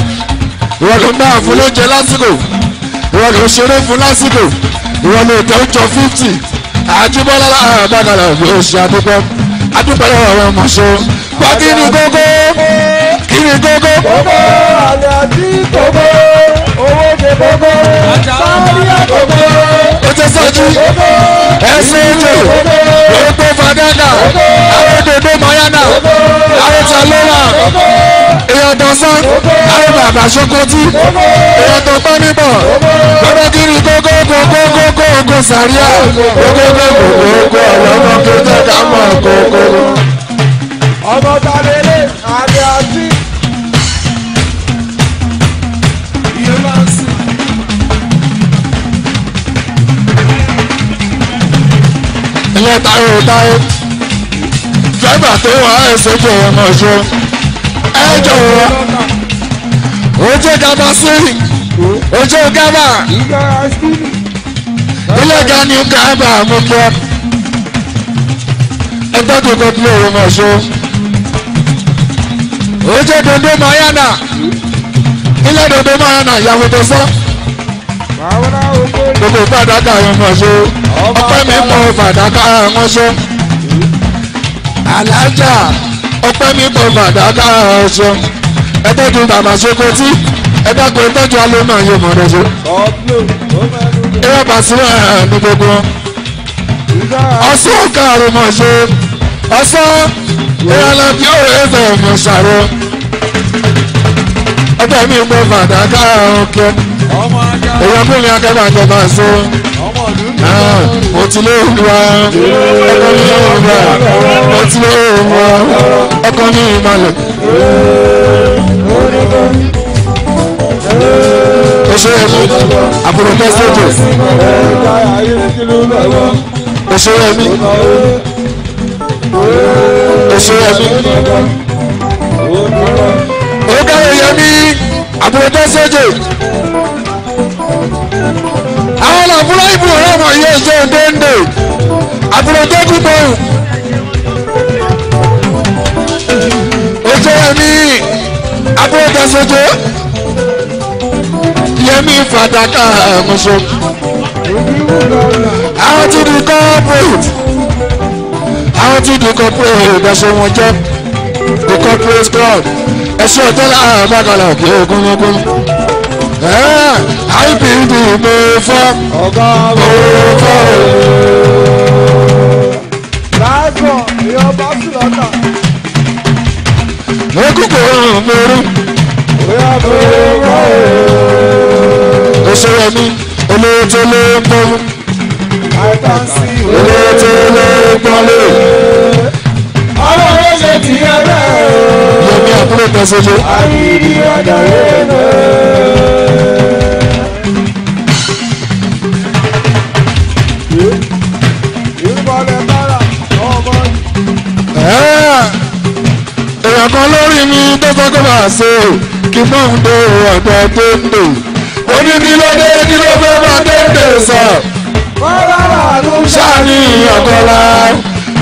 ìwọ ló bá àfún lóúnjẹ lásìkò ìwọ ló ṣeré fún lásìkò ìwọ ló tẹ́ jọ fifty àjùbọ́lá àbádàlà yóò ṣe àdúgbò àdúgbò lọ́wọ́ àwọn ọmọ ṣe wá kí ni gógó kí ni gógó. gógó àlẹ́ àti gógó owó ṣe gógó sáré. Mayana àwọn òdòdó Mayana àwọn Talola èèyàn dọ̀sán àwọn bàbá Sokoti èèyàn tó tán níbọ̀ lọ́dọ̀ kiri gógó gógó gógó gógó sàríà ọmọ tàlẹ́lẹ̀ àrẹ àti. ìyẹn táyé táyé dàgbà tó wà ẹ sojú ọmọ ọjọ́ ẹ jọ̀wọ́ ojú gaba sórí ojú gaba ilé gani gaba mú kí ọ ẹ tọ́jú tó ọmọ ọjọ́ ojú dodo mayana ilé dodo mayana ìyàwó tó sọ gbogbo fàdákà ọmọ ọjọ́ ọpẹ́ mi mọ fàdákà ọmọ ọjọ́ alájà ọpẹ́ mi pọ̀ fàdákà ọ̀ṣọ́ ẹ tọ́jú bàbá sókòtì ẹ dákun ẹ tọ́jú alónà yóò mọ̀ ọ́dọ́ ṣe. ẹ yẹ pàṣẹ ní gbogbo wọn. ọ̀ṣọ́ kàrọ̀ mọ̀ ṣe ọ̀ṣọ́ ẹ yẹ lọ bí ọ̀rọ̀ ẹ fẹ́ mọ̀ ṣàrọ̀ ọpẹ́ mi pọ̀ fàdákà ọ̀kẹ́ èèyàn fún mi akẹ́kọ̀ọ́ àjọba ṣe mo ti lé olúwa ọkọ ní olúwa mo ti lé olúwa ọkọ ní ìmàlẹ̀. o ṣe é mi àbúrò pẹ́sìtò o ṣe é mi o ṣe é mi ó dáhùn yẹmi àbúrò pẹ́sìtò àbúrò ìbò rẹ̀ mọ̀ yóò ṣe déńdé àbúrò jẹ́jú bẹ́ẹ̀. ojú ẹni àbúrò tẹ̀sọ̀jọ́ yẹmi fàdákà mọ̀ṣọ́. àwọn ti di corporate àwọn ti di corporate ìgbàsọ̀ wọn jẹ́ the corporate club ẹ̀ṣọ́ tẹ́lẹ̀ àwọn àbákalà kí ogun I mo fẹ́ ọ̀gá mo fẹ́ o. láìpọ̀ on, bá sùn lọ́tà. mo kúkú ọ̀hún We are bóyá mo fẹ́ o. mo ṣe yẹmi olówó tó lé pọ́n. olówó tó lé pọ́n lé. ọ̀rọ̀ rẹ̀ ṣe ti ẹ̀rẹ́ o. yẹmi àbúrò kan ṣoṣo. àyè ìdí ọ̀dọ̀ rẹ̀ náà. ṣe kí fóun dé ọ̀dọ̀ téńdè ó ní kí ló dé kí ló fẹ́ bá téńdè sọ. bọ́lára ló ń ṣàní ọ̀dọ́lá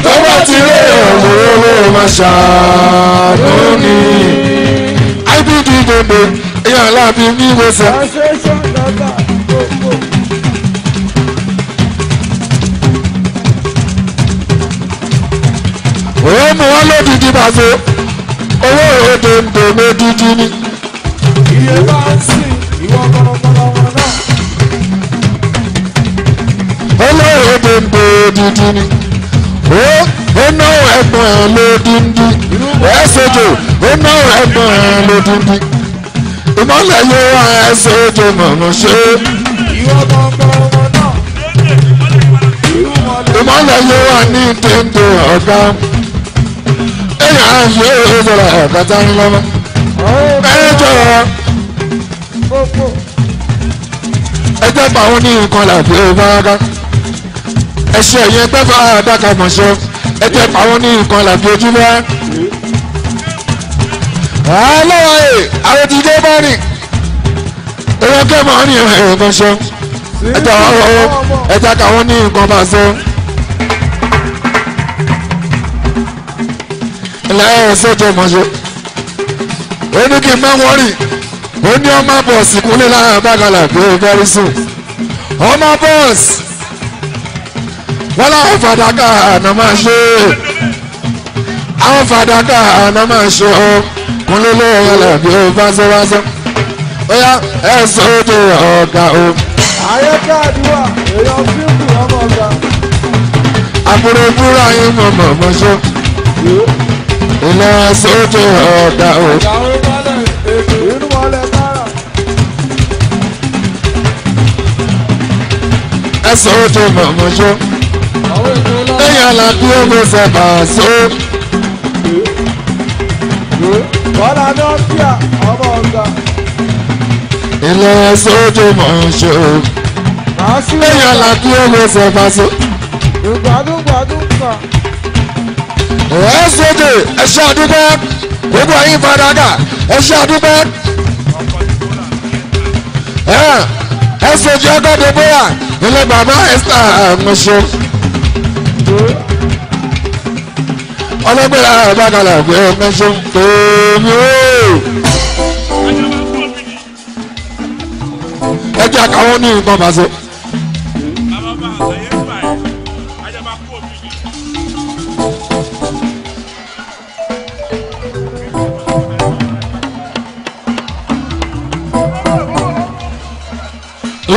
tó bá ti ré òwúrò máa ṣàlóní. ibd dòdò èèyàn aláàbí wíwo sọ. òun mú wọn lódìdí bàtò owó òwe dèndé méjìdí ni. iye bá ń sìn ìwọ kọ́nọ́kọ́nọ́ wọn náà. owó òwe dèndé méjìdí ni. ó ó náwó ẹ̀gbọ́n ẹ̀ lódìndí. ẹ̀ṣẹ̀jò ó náwó ẹ̀gbọ́n ẹ̀ lódìndí. ìmọ̀lẹ̀ yóò wá ẹ̀ṣẹ̀jò mọ̀ọ́nù ṣe. ìwọ kọ́nọ́kọ́nọ́ wọn náà. ìmọ̀lẹ̀ yóò wá ní dèndé ọ̀gá ẹ̀yìn àṣẹ òṣèlú ẹ̀kọ́tà ńlọ́mọ. ẹjọ́ ẹjọ́ pa àwọn ní nǹkan làbí ìfaraka ẹṣẹ yẹn pẹ́ fà àdàkà mọ̀ṣọ́ ẹjọ́ pa àwọn ní nǹkan làbí ojúmọ́. aláwọ̀ ẹ̀ àwọn ti dé bá rìn ẹ̀rọ kẹ́ mọ́ ní ẹ̀rọ kan ṣọ́ ẹjọ́ àwọn ní nǹkan bá ṣọ́. ìlànà ẹsẹ tó mọ ṣe ó ní kí n má wọrí ó ní ọmọ bọ́ọ̀sì kúnlẹ̀ láàrin bàgàlà pé ó very soon ọmọ bọ́ọ̀sì wọ́n láwọn fàdákà àná máa ṣe àwọn fàdákà àná máa ṣe ọ kúnlẹ̀ lọ́wọ́lá bí ó bá ṣe wá ṣe ó yá ẹ̀sọ́ òde ọ̀gá o. ayọ́kẹ́ àdúrà èèyàn fíìmù ọmọ ọ̀gá. àbúrò búra yín mọ̀mọ́ mọ́ṣọ́ iná sókè ọ̀gá o. ẹ sókè mọ̀mọ́jọ́ ẹ̀yà làbí ọmọ sẹ̀bà só. bọ́lá ní ọ́fíà ọmọ ọ̀gá. iná sókè mọ̀mọ́jọ́ ẹ̀yà làbí ọmọ sẹ̀bà só. ìgbádùn gbádùn kà ọ̀hún sókè ẹ̀ṣẹ́ àdúgbò gbogbo ẹ̀yin fàdákà ẹ̀ṣẹ́ àdúgbò ẹ̀ṣẹ́ ojú ọgọ́ gbogbo yà ilé bàbá ẹ̀ṣẹ́ àmọ́ṣọ́ ọlọ́gbẹ̀rẹ̀ àbákalà gbé ẹ̀mẹ́ṣọ́ tòmí ó ẹjẹ́ àkàwọn ní nǹkan bàṣẹ́.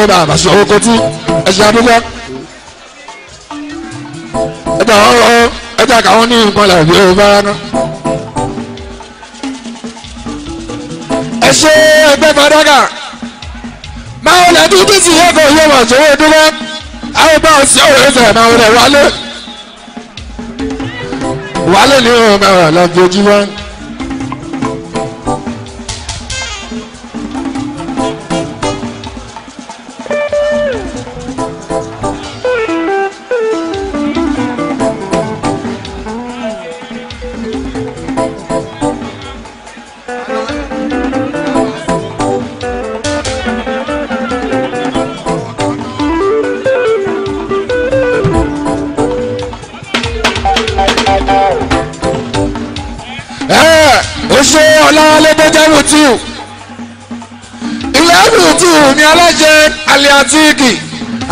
broda àbàṣe àwọn kọtú ẹ̀sìn àdúgbò ẹ̀dá ọ̀rọ̀ ẹ̀dá káwọn ní nǹkan làbí ọ̀rọ̀ bá rán. ẹ ṣe ẹgbẹ́ fàdákà máa wọlé dúdú sí ẹ̀kọ́ yóò wà sówó dúró àwọn bá ọ̀sì ọ̀rọ̀ ẹ̀fẹ̀ máa wọlé wálé wálé ni wọ́n máa wà lọ́jọ́ ojúmọ́.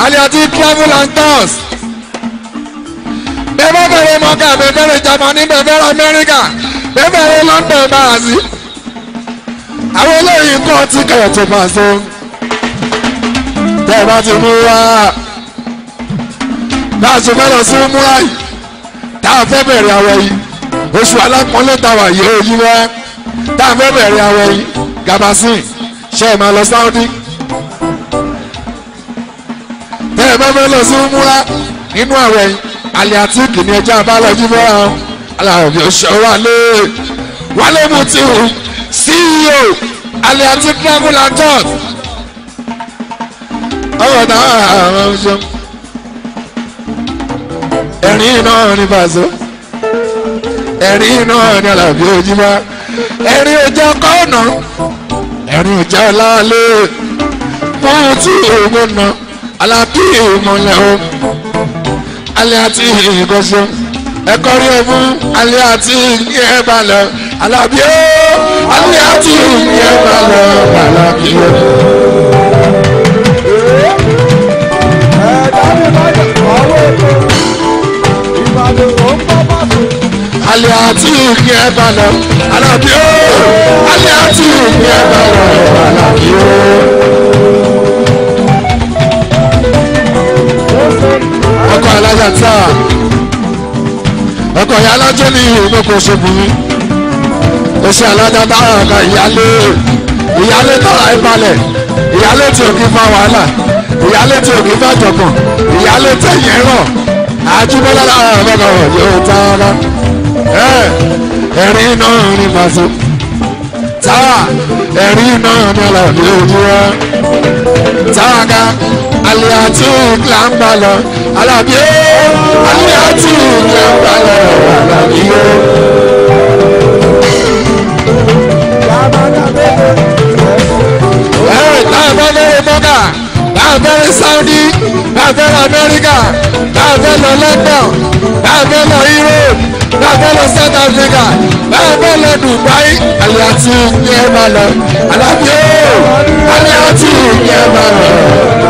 palliative travel and tours bẹ́ẹ̀ bá bẹ̀rẹ̀ mọ́kà bẹ́ẹ̀ bẹ̀rẹ̀ Jámánì bẹ́ẹ̀ bẹ̀rẹ̀ Amẹ́ríkà bẹ́ẹ̀ bẹ̀rẹ̀ London bàásì àwọn eléyìí kọ́ tíkẹ̀ tó bá so bẹ́ẹ̀ bá ti mú wá bá a ṣe fẹ́ lọ sí múra yìí tá a fẹ́ bẹ̀rẹ̀ àwẹ̀ yìí oṣù alápọ̀nlé tàwa yìí ó yí wá tá a fẹ́ bẹ̀rẹ̀ àwẹ̀ yìí gabasin ṣe fẹ́ lọ sí múra nínú àwẹ̀ alẹ́ àti kìnìún ẹja abálájú fẹ́ra wọn alàbí ọ̀ṣọ́ wálé wálé mu ti hù CEO alẹ́ àti triangular dot ọ̀rọ̀ náà àwọn ọ̀ṣọ́ ẹ̀rín náà ní bàzọ́ ẹ̀rín náà ní alàbí ojúmọ́ ẹ̀rín ojú ọkọ̀ ọ̀nà ẹ̀rín ojú ọ̀la lé mọ́ọ̀tì ògùn náà alábí ìmọ̀lẹ̀ o alẹ́ àti ìkọ̀sọ́ ẹ̀kọ́ rí ẹ fún alẹ́ àti ìyẹ́ balẹ̀ alábí o alẹ́ àti ìyẹ́ balẹ̀ alábí o. alẹ́ àti ìyẹ́ balẹ̀ alábí o alẹ́ àti ìyẹ́ balẹ̀ alábí o. yàtà ọkọ̀ ìyá alájọ́ ní ìrònúkọ̀ ṣòbùnmí oṣù alájà táwọn ọ̀gá ìyálé ìyálé tọ́ra ìbalẹ̀ ìyálé tí ò kí fa wàhálà ìyálé tí ò kí fa jọ̀gbọ̀n ìyálé tẹ̀yìn ẹ̀rọ àjùmọ̀lá làwọn ọ̀gá ọ̀gá yóò tá a rán ẹ̀rín náà ní màṣẹ táwa ẹ̀rín náà ní ọ̀là ní òwúrọ̀ táwa ká alẹ́ àti ìgbà ń gbà lọ alábí ó alẹ́ àti ìgbà ń gbà lọ alábí ó. láàbẹ̀ lórí mọ́gà láàbẹ̀ lórí Saudi láàbẹ̀ lórí Amẹ́ríkà láàbẹ̀ lórí London láàbẹ̀ lórí Europe láàbẹ̀ lórí South Africa láàbẹ̀ lórí Dubai alẹ́ àti ìgbà ń gbà lọ alábí ó alẹ́ àti ìgbà ń gbà lọ.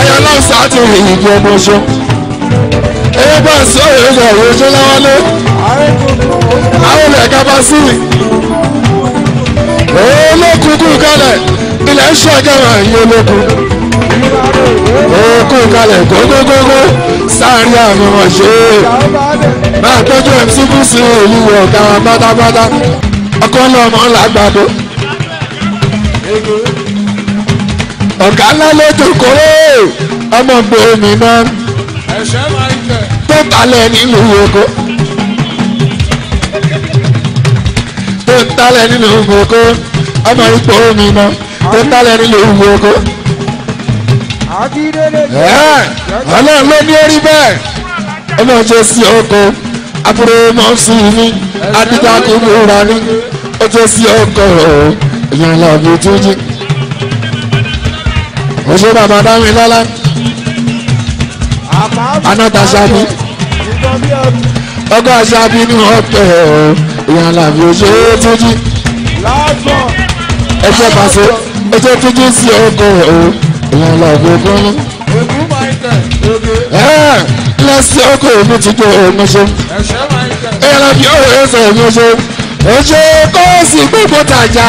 ayọ̀lá sàtì ìjọ mọ̀ṣọ́ ebe sọ èèyàn ọ̀rọ̀ ojú láwálé àwọn ẹ̀ka bá sí mi olókùnkùn kalẹ̀ ilẹ̀ ń ṣọ̀gẹ̀rọ̀ ẹ̀yìn olókùn okùn kalẹ̀ gógógógó sáré àwọn ọ̀ṣẹ́ máa tọ́jú ẹ̀ síbú sí ìlú ọ̀gá pátápátá ọkọ náà mọ́ làgbàdo ọ̀gá ńlá ló jòkóró ọmọ gbòó mi náà tó talẹ̀ nílùú oko tó talẹ̀ nílùú oko ọmọ gbòó mi náà tó talẹ̀ nílùú oko. ọlọ́run ló ní orí bẹ́ẹ̀ ọmọ jẹ́ sí oko àbúrò mọ́ sí mi adidakunmura ni ó sí oko ìyànlá mi tún jí. Oṣù bàbá dámi lọ́lá. Anáta sábì. Ọgọ́ sábì ní ọ̀pẹ̀ ìyá làbí oṣù Túnjí. Ẹjẹ́ pàṣẹ ẹjẹ́ Túnjí sí ọkọ̀ ìyá làbí oṣù lẹ́sí ọkọ̀ èmi ti jẹ́ ọmọṣẹ́ ẹ̀yà làbí ọ̀rẹ́ ẹ̀sẹ̀ ọmọṣẹ́ oṣù kọ́ọ̀sì gbogbo tàjà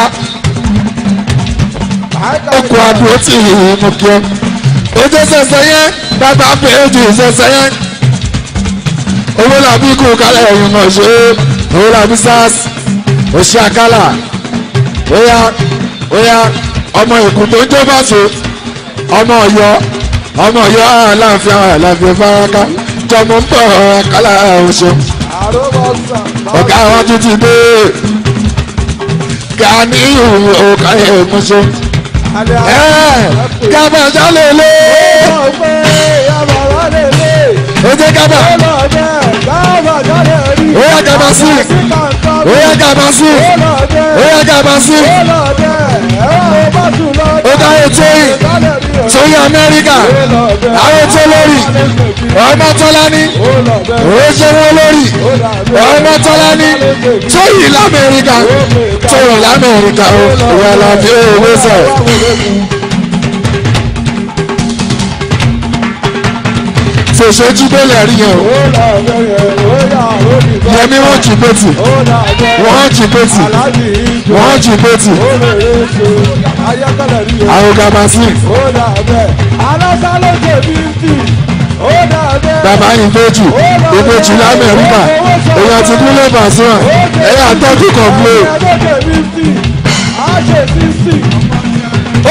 ẹkùn àdúró tì í mú kí ọ. ojú sẹsẹ yẹn bàtà péjì sẹsẹ yẹn. owó làbí kú kálẹ̀ ẹ̀yìn mọ̀ ṣe é owó làbí sars òṣì àkàlà óyá óyá ọmọ èkó tó ń jó bàṣọ ọmọ Ọ̀yọ́ ọmọ Ọ̀yọ́ aláàfin aláàfin fáraka jọmọ ń bọ̀ àkàlà òṣèlú ọ̀gá wọn ti ti dé gani òkà ẹ̀ mọ́ṣọ́ kábà sálẹ̀lẹ̀ oye kábà oya kábà sí oya kábà sí oya kábà sí ọ̀gá ètò yìí sórí amẹ́ríkà àwọn ètò lórí ọmọtọ́lání òṣèwọ́ lórí ọmọtọ́lání tó yìí lamẹ́ríkà tó yìí lamẹ́ríkà ìwà làbí òwe sọ̀rọ̀. fòṣojú gbélé rí yẹn o yẹmi wọn jù pétì wọn jù pétì wọn jù pétì àwọn gàmà sí. bàbá yìí péjì ìpéjì lamẹ́ríkà èèyàn ti kú lẹ́bàá sí wọn ẹ̀yà tọ́jú kọ̀ọ̀pù.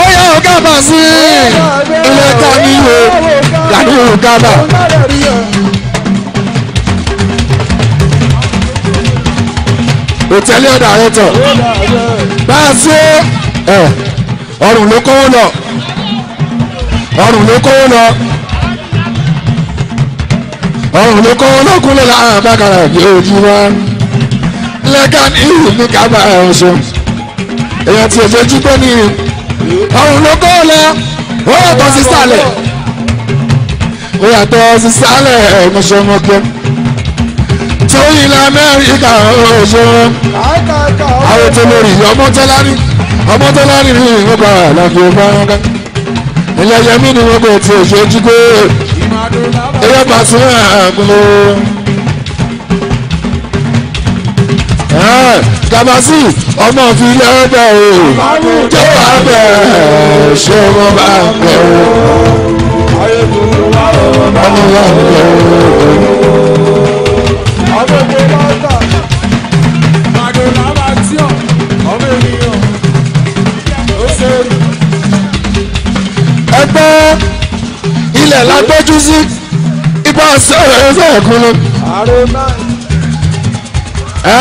ó yá ọ̀gá bá sí ilé ká nílò yàrá ọ̀gá bá. òtẹ́lẹ̀ ọ̀dà rẹ̀ tọ̀ bá a ṣe ẹ̀ ọrùn ló kówó lọ ọrùn ló kówó lọ ọrùn ló kówó lọ kúnlẹ̀ láàrin àbákàrà ìdí òjì wọn lẹ́gàn ìlú ní kábà ẹ̀rùn sùn èèyàn tí èjò jí pé ní ọrùn ló kówó lọ ó yàtọ̀ sí sàlẹ̀ ó yàtọ̀ sí sàlẹ̀ ẹ̀mọ́sọ́mọ́kẹ́ torí ilẹ̀ amẹ́ríkà ọ̀ṣọ́ àwọn tó lórí ọmọ tẹ́lá ọmọ tó lárí ní ìwọ́n bá àlàfo fáńgá ilẹ̀ yẹmí ni wọ́n kò tí ò ṣe jí pé eré pàṣẹ àgùnlò. Kabasi ọmọ fi lọ́bẹ̀ o, tó wà bẹ̀ ṣé wọ́n bá bẹ̀ o, ọmọ wà bẹ̀ o. ẹ̀kúnlé.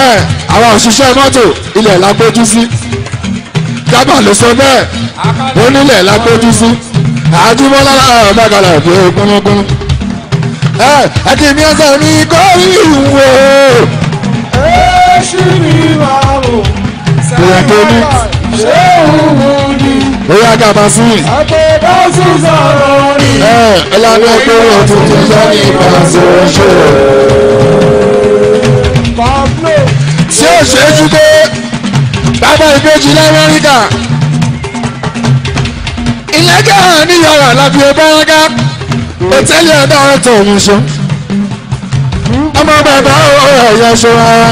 ẹ àwọn òṣìṣẹ́ mọ́tò ilẹ̀ la gbójú sí jábà ló sọ bẹ́ẹ̀ ó nílẹ̀ la gbójú sí àjùmọ́lá ọ̀dàgàlà ìpè gbọ́ngbọ́n. ẹ ẹ kì í mi ọsẹ mi kọ́ ìwò. èsì ni màá wò sẹ́yìn wáyà ṣé òun ò ní bóyá ká máa sí. àkèdè sì sọ̀rọ̀ rí. ẹ ẹ lábẹ́ ẹgbẹ́ ọ̀tún ti yá ní ìbáṣe ṣe. ṣé ò ṣe é ju pé bàbá ìbejì l'Amẹ́ríkà ìlẹ́gẹ̀ níyàrá láti ẹgbẹ́ ọ̀gá òtẹ́lẹ̀ ọ̀dọ́ ọ̀tọ̀ òun ṣe ọmọ bàbá ó ẹ̀yẹ ṣe rárá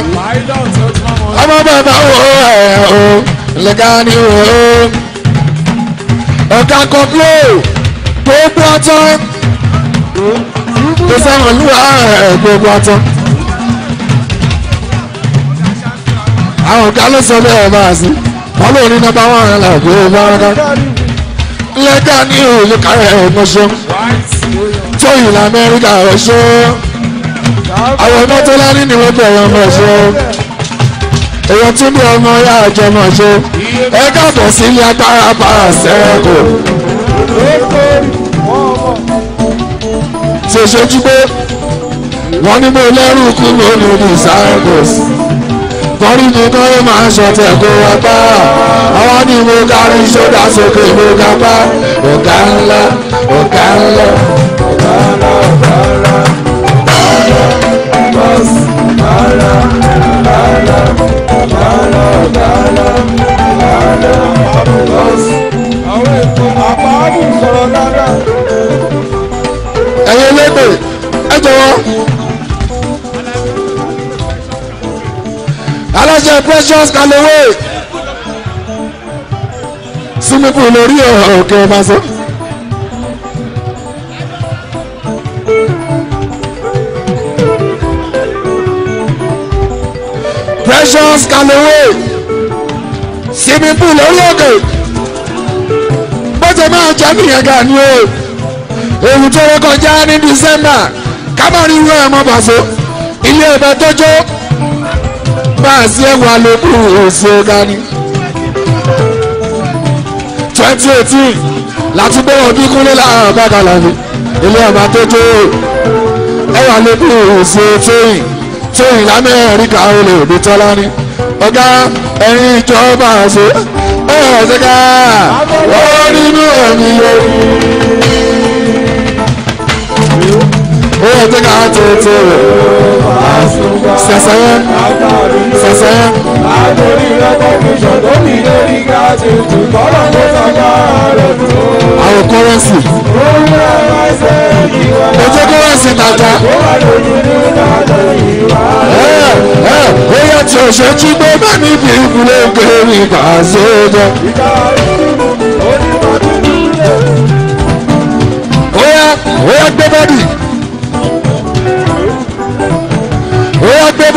ọmọ bàbá ó ẹ̀yẹ ó lẹ́gà ní òun ọ̀gá kọ́ńtò tó bọ́ tán tó sẹ́wọ̀n lúwa ẹ̀ tó bọ́ tán. àwọn ọ̀gá ló sọ bẹ́ẹ̀ máa sí wọn ló ní nọ́mbà wọn rẹ̀ làgbé bára lẹ́gà ní òòlù kárẹ̀ ẹ̀mọ́ṣọ́ tóyìn lamẹ́ríkà ẹ̀ṣọ́ àwọn mọ́tò lárí ni wọ́n bẹ̀rẹ̀ ọmọ ẹ̀ṣọ́ èèyàn tún ní ọmọ yá àjọmọ ṣe ẹ káàbọ̀ sí ilé agbára para sẹ́ẹ̀kù. ṣèṣojú pé wọ́n ní mo lẹ́rù kú lónìí ní sárégos torí mi kọ́ ló máa ń ṣọ̀tẹ̀ kó wá bá àwọn ní mo kárí sódà sókè mo ga bá ọ̀gá ńlá ọ̀gá ńlá ọ̀gá ńlá ọ̀gá ńlá ọ̀gá ńlá bọ́ọ̀sì ńlá ńlá ẹ̀yin lébè ẹ jọ̀wọ́ aláṣẹ precious kàlẹ́wé sinimu lórí ọ̀hún ọ̀kẹ́ ọba sọ. Precious Callaway swimming pool lórí òkè bọ́sẹ̀ máa jẹ́ nìyẹn gà ni o èyí tó rẹ kọjá ní December kámọ́rin ìwé ẹ̀ mọ́ bàṣọ ilé ẹ̀bẹ̀ tọ́jọ́ bá a sí ẹ̀wà lókù òsì ọ̀gáni twenty eighteen láti gbé ọdún kúnlẹ̀ láàárọ̀ bàkàlà ni ilé ẹ̀bẹ̀ tọ́jọ́ ẹ̀wà lókù òsì ọ̀gáni ṣé ìyá mẹ́rìndà ó lè bí tọ́lá ní. ọ̀gá ẹ̀yin ìjọba ṣe ẹ̀rọ ṣẹ́ká wọ́n nínú ẹ̀mí yẹn ó yẹ jẹ́ ká tètè rẹ̀ sẹ̀sẹ̀ yẹn sẹ̀sẹ̀ yẹn. àtòrí Our currency. ní lérí ká tètè kọ́lọ́ Hey, hey. rẹ̀ dúró. àwọn kọ́rẹ́sì. ó ń rẹ̀ máa ṣe ìwà. ó jẹ́ kọ́rẹ́sì tata. ó wà lójú ní ìdájọ́ ìwà. ẹ ẹ ó yẹ tí o ṣe jí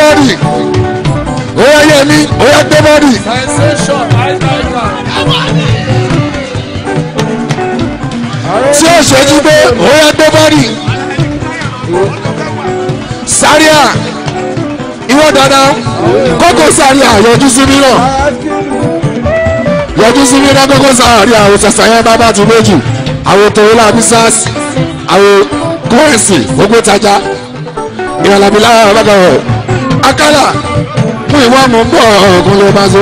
bọ́ọ̀dì ó yá yẹmi ó yá gbé bọ́ọ̀dì. tí ó ṣojú gbé ó yá gbé bọ́ọ̀dì. sáríà ìwọ dada kókó sáríà yọjú sí mi náà yọjú sí mi náà kókó sáríà òṣèṣà yẹn bá bá ti méjì àwọn tòun láàbí sars àwọn kúrẹ́sì gbogbo ìtajà ìrànlọ́bí lára bàbá akálà fún ìwọ mọ̀ ń bọ̀ ọ̀gùn ló máa so.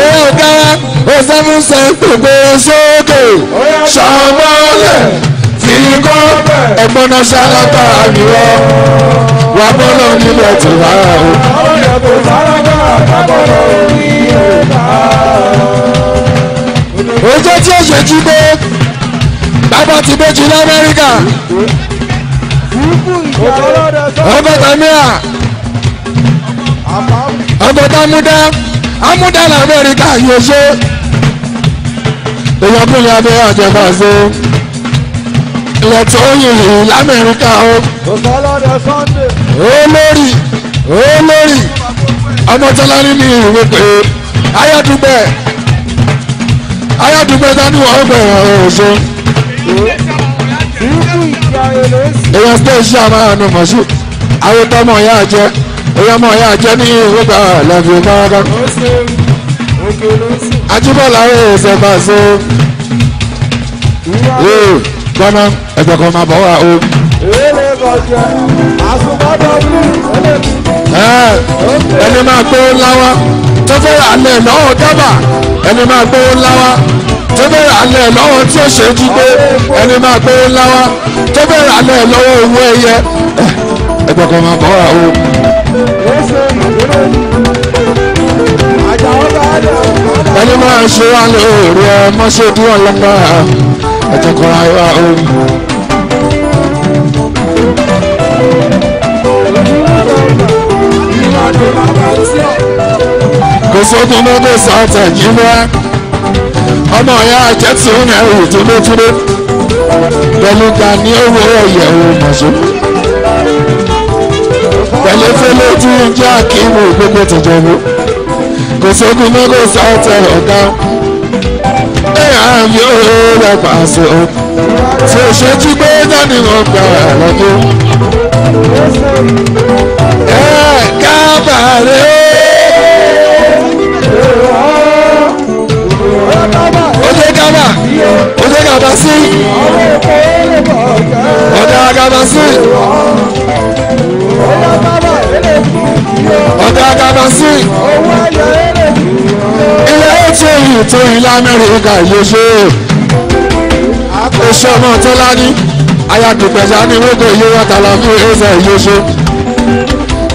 owó kára ó sẹ́fún sẹ́ńtò gbé sókè ṣàmọ́lẹ̀ tí kò ẹ̀gbọ́n náà ṣàlàkà mi wà bọ́lọ̀ nílẹ̀ tí wà á o. àwọn tí ó ṣe jí dé bàbá ti méjì lamẹ́ríkà ọgọ́ta mìíràn ọgọ́ta amúdá amúdá ní amẹ́ríkà yóò ṣe ìyọkùnrin abẹ́ àjẹbà ṣe ilẹ̀ tó yìnyín lamẹ́ríkà o olórí olórí ọmọtọ́lárí ní ìwé pé ayádùgbẹ́ ayádùgbẹ́ dání wọ́n bẹ̀rẹ̀ ọ̀ṣun èèyàn stage ṣe àmàlànà mọ̀ṣú àwọn tọmọ ìyá jẹ èèyàn ọmọ ní ìwúgbà lẹ́fì káraká. Ajíbọ̀lá rẹ̀ ṣe bá ṣe yóò gbọ́ná ẹgbẹ́ kan máa bọ̀ wá o. ẹni máa gbó ńlá wa tó fẹ́ àlẹ́ náà dábàá ẹni máa gbó ńlá wa ralẹ̀ lọ́wọ́ tí ó ṣe jíde ẹni máa pé ńláwá tó fẹ́ ralẹ̀ lọ́wọ́ owó ẹyẹ ẹgbẹ́ kan máa bọ́ra o. ẹni máa ṣe wá lé òru ẹ má ṣe bí ọlọ́mọ ẹ̀jẹ̀ kan ra wá o. kò sókun mọ́tò sọ́ọ̀tẹ̀ jí mọ́ ọmọ ya jẹ́tù ní ẹrù tó ló dúró pẹ̀lú gani owó ẹ̀yẹ̀ òmọ̀só pẹ̀lú fẹ́lẹ́ tí ń jẹ́ àkíwò gbogbo tìjọba kò sógun ní kò sá ọ̀tẹ̀ ọ̀gá ẹ̀yà yóò rẹ̀ pàṣẹ o tí o ṣe jí pé dání wọn gba ẹ̀rọ tó ẹ̀ kábàárẹ̀ o. ojú gaba ojú gaba sí ọ̀dà gaba sí ọ̀dà gaba sí ilé ètò èyí tó ilé amẹ́ríkà ìlóṣè àpèṣe ọmọ tọ́lá ní ayàdùpẹ̀já ní wọ́gbọ̀n ilé wọ́tàlá fún ẹ̀sẹ̀ ìlóṣè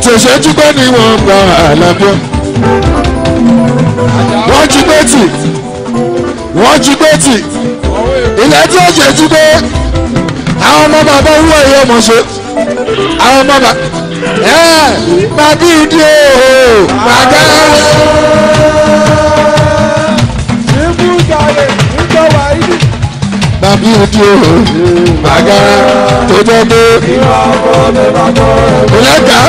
tòṣe dúpẹ́ ni wọ́n gba àlàbíọ́ wọ́n jí bẹ́tì wọ́n jí gbé tì ilẹ̀ tí ó jẹ́ jí gbé àwọn ọmọ bàbá wúwo èyí ọmọ ṣe àwọn ọmọ bàbá ẹ bàbí ìdí ooo bàbá. Bàbí ìdí ooo bàbá tó jẹ́ dé. Ìlẹ́ka. Ìwà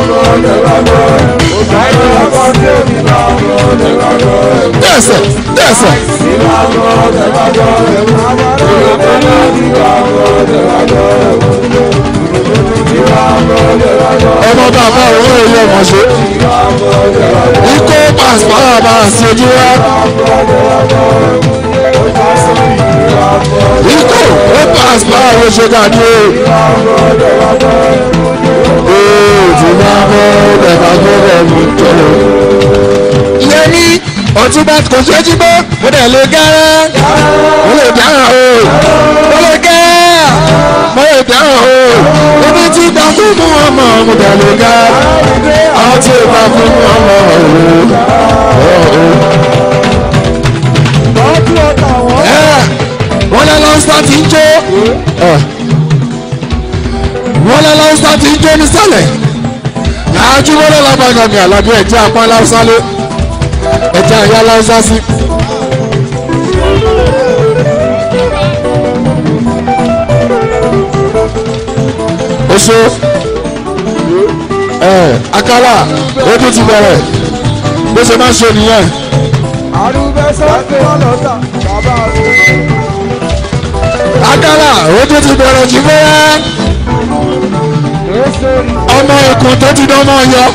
ọmọ ọ̀dẹ̀ bàbá ẹ̀ dẹ́sẹ̀ dẹ́sẹ̀. ọmọ bàbá òun ò lè mọ̀ ṣe ikó pàṣípàrọ̀ máa ṣe ojú wa ikó pàṣípàrọ̀ ṣe dàdí o ìfúnnáwó ẹ̀ka tó rẹ̀ mú tọ́lọ. ìyẹn ní ọ̀túnba kò tó jí bó mo dẹ̀ lè gẹ́rẹ́ mo lè dáhùn o mo lè gẹ́rẹ́ mo lè dáhùn o ibi tí gbà fún mú ọmọ mo dẹ̀ lè gẹ́rẹ́ àwọn tí ì bá fún mú ọmọ o. wọ́n lẹ́ lọ́sítà tí ń jó wọ́n lẹ́ lọ́sítà tí ń jó ní sálẹ̀ àjùmọ̀lẹ́ lágbàgbà mi àlàbí ẹ̀jẹ̀ apá láwùsálẹ̀ ẹ̀jẹ̀ àyà láwùsásí. oṣù ẹ akala ojú ti bẹ̀rẹ̀ bó ṣe máa ń ṣe nìyẹn. àrùbẹ́ sọ́kè ọlọ́ta bàbá mi. akala ojú ti bẹ̀rẹ̀ jù bẹ́ẹ̀ ọmọ èkó tó ti dán ọmọ Ọ̀yọ́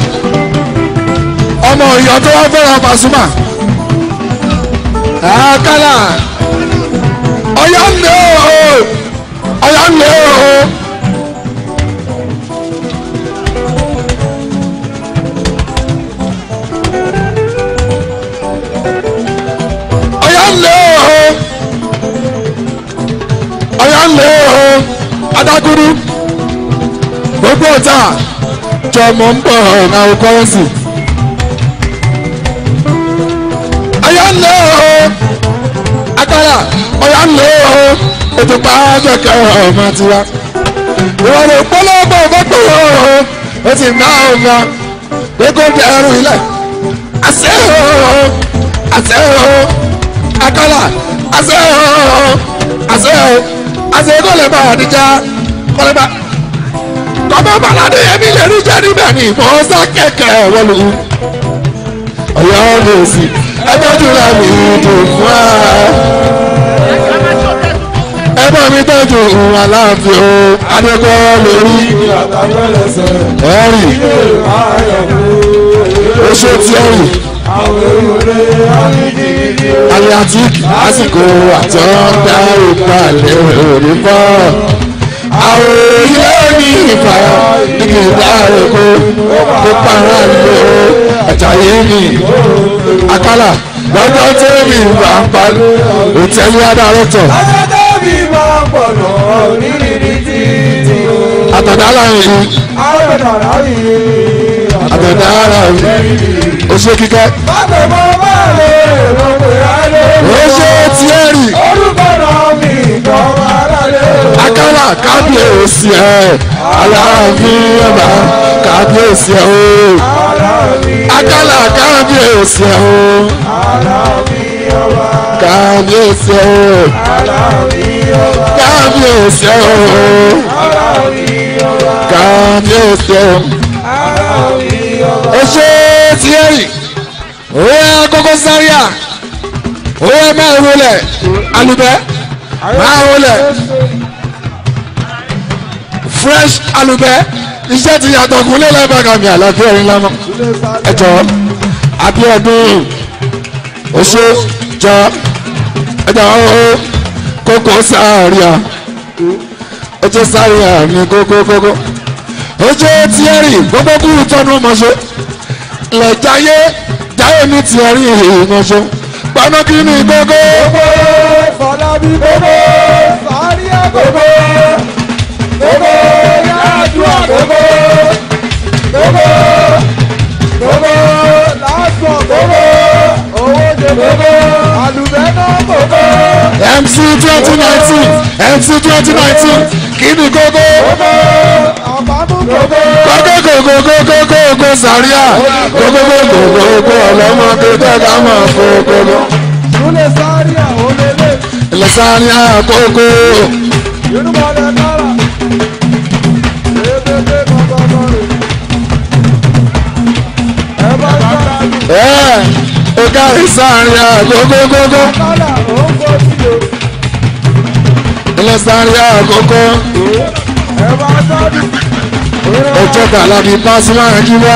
ọmọ Ọ̀yọ́ tó wá fẹ́ràn Pasuma àkàlà ah, Ọ̀yọ́ ń lé o Ọ̀yọ́ ń lé o. adágúrú ụgbọ taa chọmọ mbọ na ụkọrọsi. Ọya nne oho akara ọya nne oho ètùpá kẹkẹ ọmọ tiwa. Ìwọ̀n ìpolówó ọgbọ́gbọ́ oho ó sì ná ọmọ gbégbó bí ẹrù ile Àṣẹ oho akara bàbá balade yẹmi lè rí jẹ́ níbẹ̀ ni mò ń sá kẹ̀kẹ́ wọlú ọ̀yọ́ mi ò sí ẹgbẹ́júra mi dùn fún ẹ. ẹgbẹ́ mi tọ́jú ìwà láàfin o adékọ́ lórí ẹ̀rì oṣù tí ó rì aliatik lásìkò àtọ́ńdá ìgbàlẹ̀ òní pọ́ọ̀ ilé ní ìfàyà níbi ìdáhàrẹ̀ kó kó pààrọ̀ àlùkò àjàyè mi àkàlà lọ́jọ́ tẹ́lẹ̀mì ìgbà ń parí òtẹ́lẹ̀ adárọ́tọ̀. lọ́jọ́ tẹ́lẹ̀mì ìgbà ń pọ̀ lọ́ọ́ nírìírí títí. àtàdá láàrin yìí. ni láàrin yìí ni. ara rẹ̀ ó ṣe kíkẹ́. bàtẹ̀ mọ́ bá lè rọ̀ pé a lè rọ̀. ó ṣe tiẹ́rì kára kábíyèsí ẹ̀ aláàfin kabi kábíyèsí ẹ̀ o kabi kábíyèsí ẹ̀ o kábíyèsí ẹ̀ o kábíyèsí ẹ̀ o kábíyèsí ẹ̀ o ẹ ṣe tiẹ́rì òwe akókó saria, òwe máa wọlé alùpẹ́ máa wọlé fresh alubẹ́ iṣẹ́ ti yàtọ̀ kún lẹ́lẹ́ bàgàmì àlàbí ẹ̀rín lánà ẹ̀jọ̀ àbí ẹ̀dùn oṣù jọ ẹ̀jọ̀ ọ̀hún kókó sáàríà ojú sáàríà mi kókó kókó ojú tiẹ̀rì gbogbo kúrú tọ́nu mọ̀ṣọ́ lẹ́jáyé jáyé mi tiẹ̀rì èyí mọ̀ṣọ́ pọ́nọ́kì mi gbogbo. gbogbo fọlábí gbogbo sáàríà gbogbo gbogbo ládùúgbò gbogbo gbogbo gbogbo lásán gbogbo owó jẹ gbogbo àlùbẹ́nà gbogbo. MC twenty nineteen MC twenty nineteen kí ni gbogbo. gbogbo gogogogogogogogo zaria gogogogogogo ọlọmọ kẹtẹ ká máa fọ gbogbo. ilẹ̀ zaria kókó. yorùbá lẹ́ka. ó kárí sáàrin àgógógógó ilé sáàrin àgógó ọjọ́ kàlábí pásímà kí wá.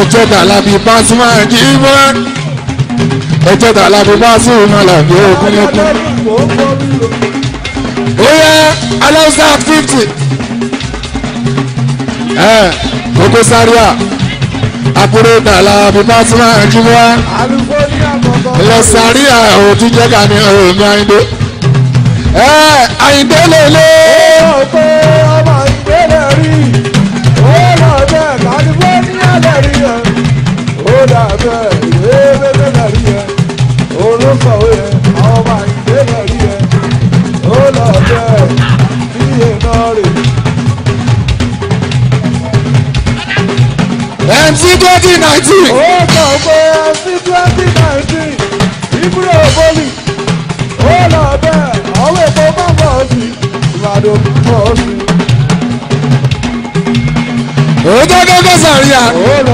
ọjọ́ kàlábí pásímà kí wá. ọjọ́ kàlábí pásímà làbí ògúnlẹ́kùn. ó yẹ aláwùsá fífì. Koko Zaria àpérò tààlà bíbá tí wọ́n á jú wá ilẹ̀ Zaria ò tún jẹ́ ká ní omi Àyìndé Àyìndé lèlè. ó pé ọmọ Àyìndé lè rí ó lọ bẹ California lè rí ẹ ó dà bẹ ìwé bẹbẹ lè rí ẹ olùkọ́ MC sí twenty nineteen. ó sọ pé twenty nineteen ìbúrò bọ́lì ó lọ bẹ́ẹ̀ ọwọ́ èpo má bọ̀ sí ìbàdàn bọ̀ sí. òótọ́ kọ́kọ́ sàríà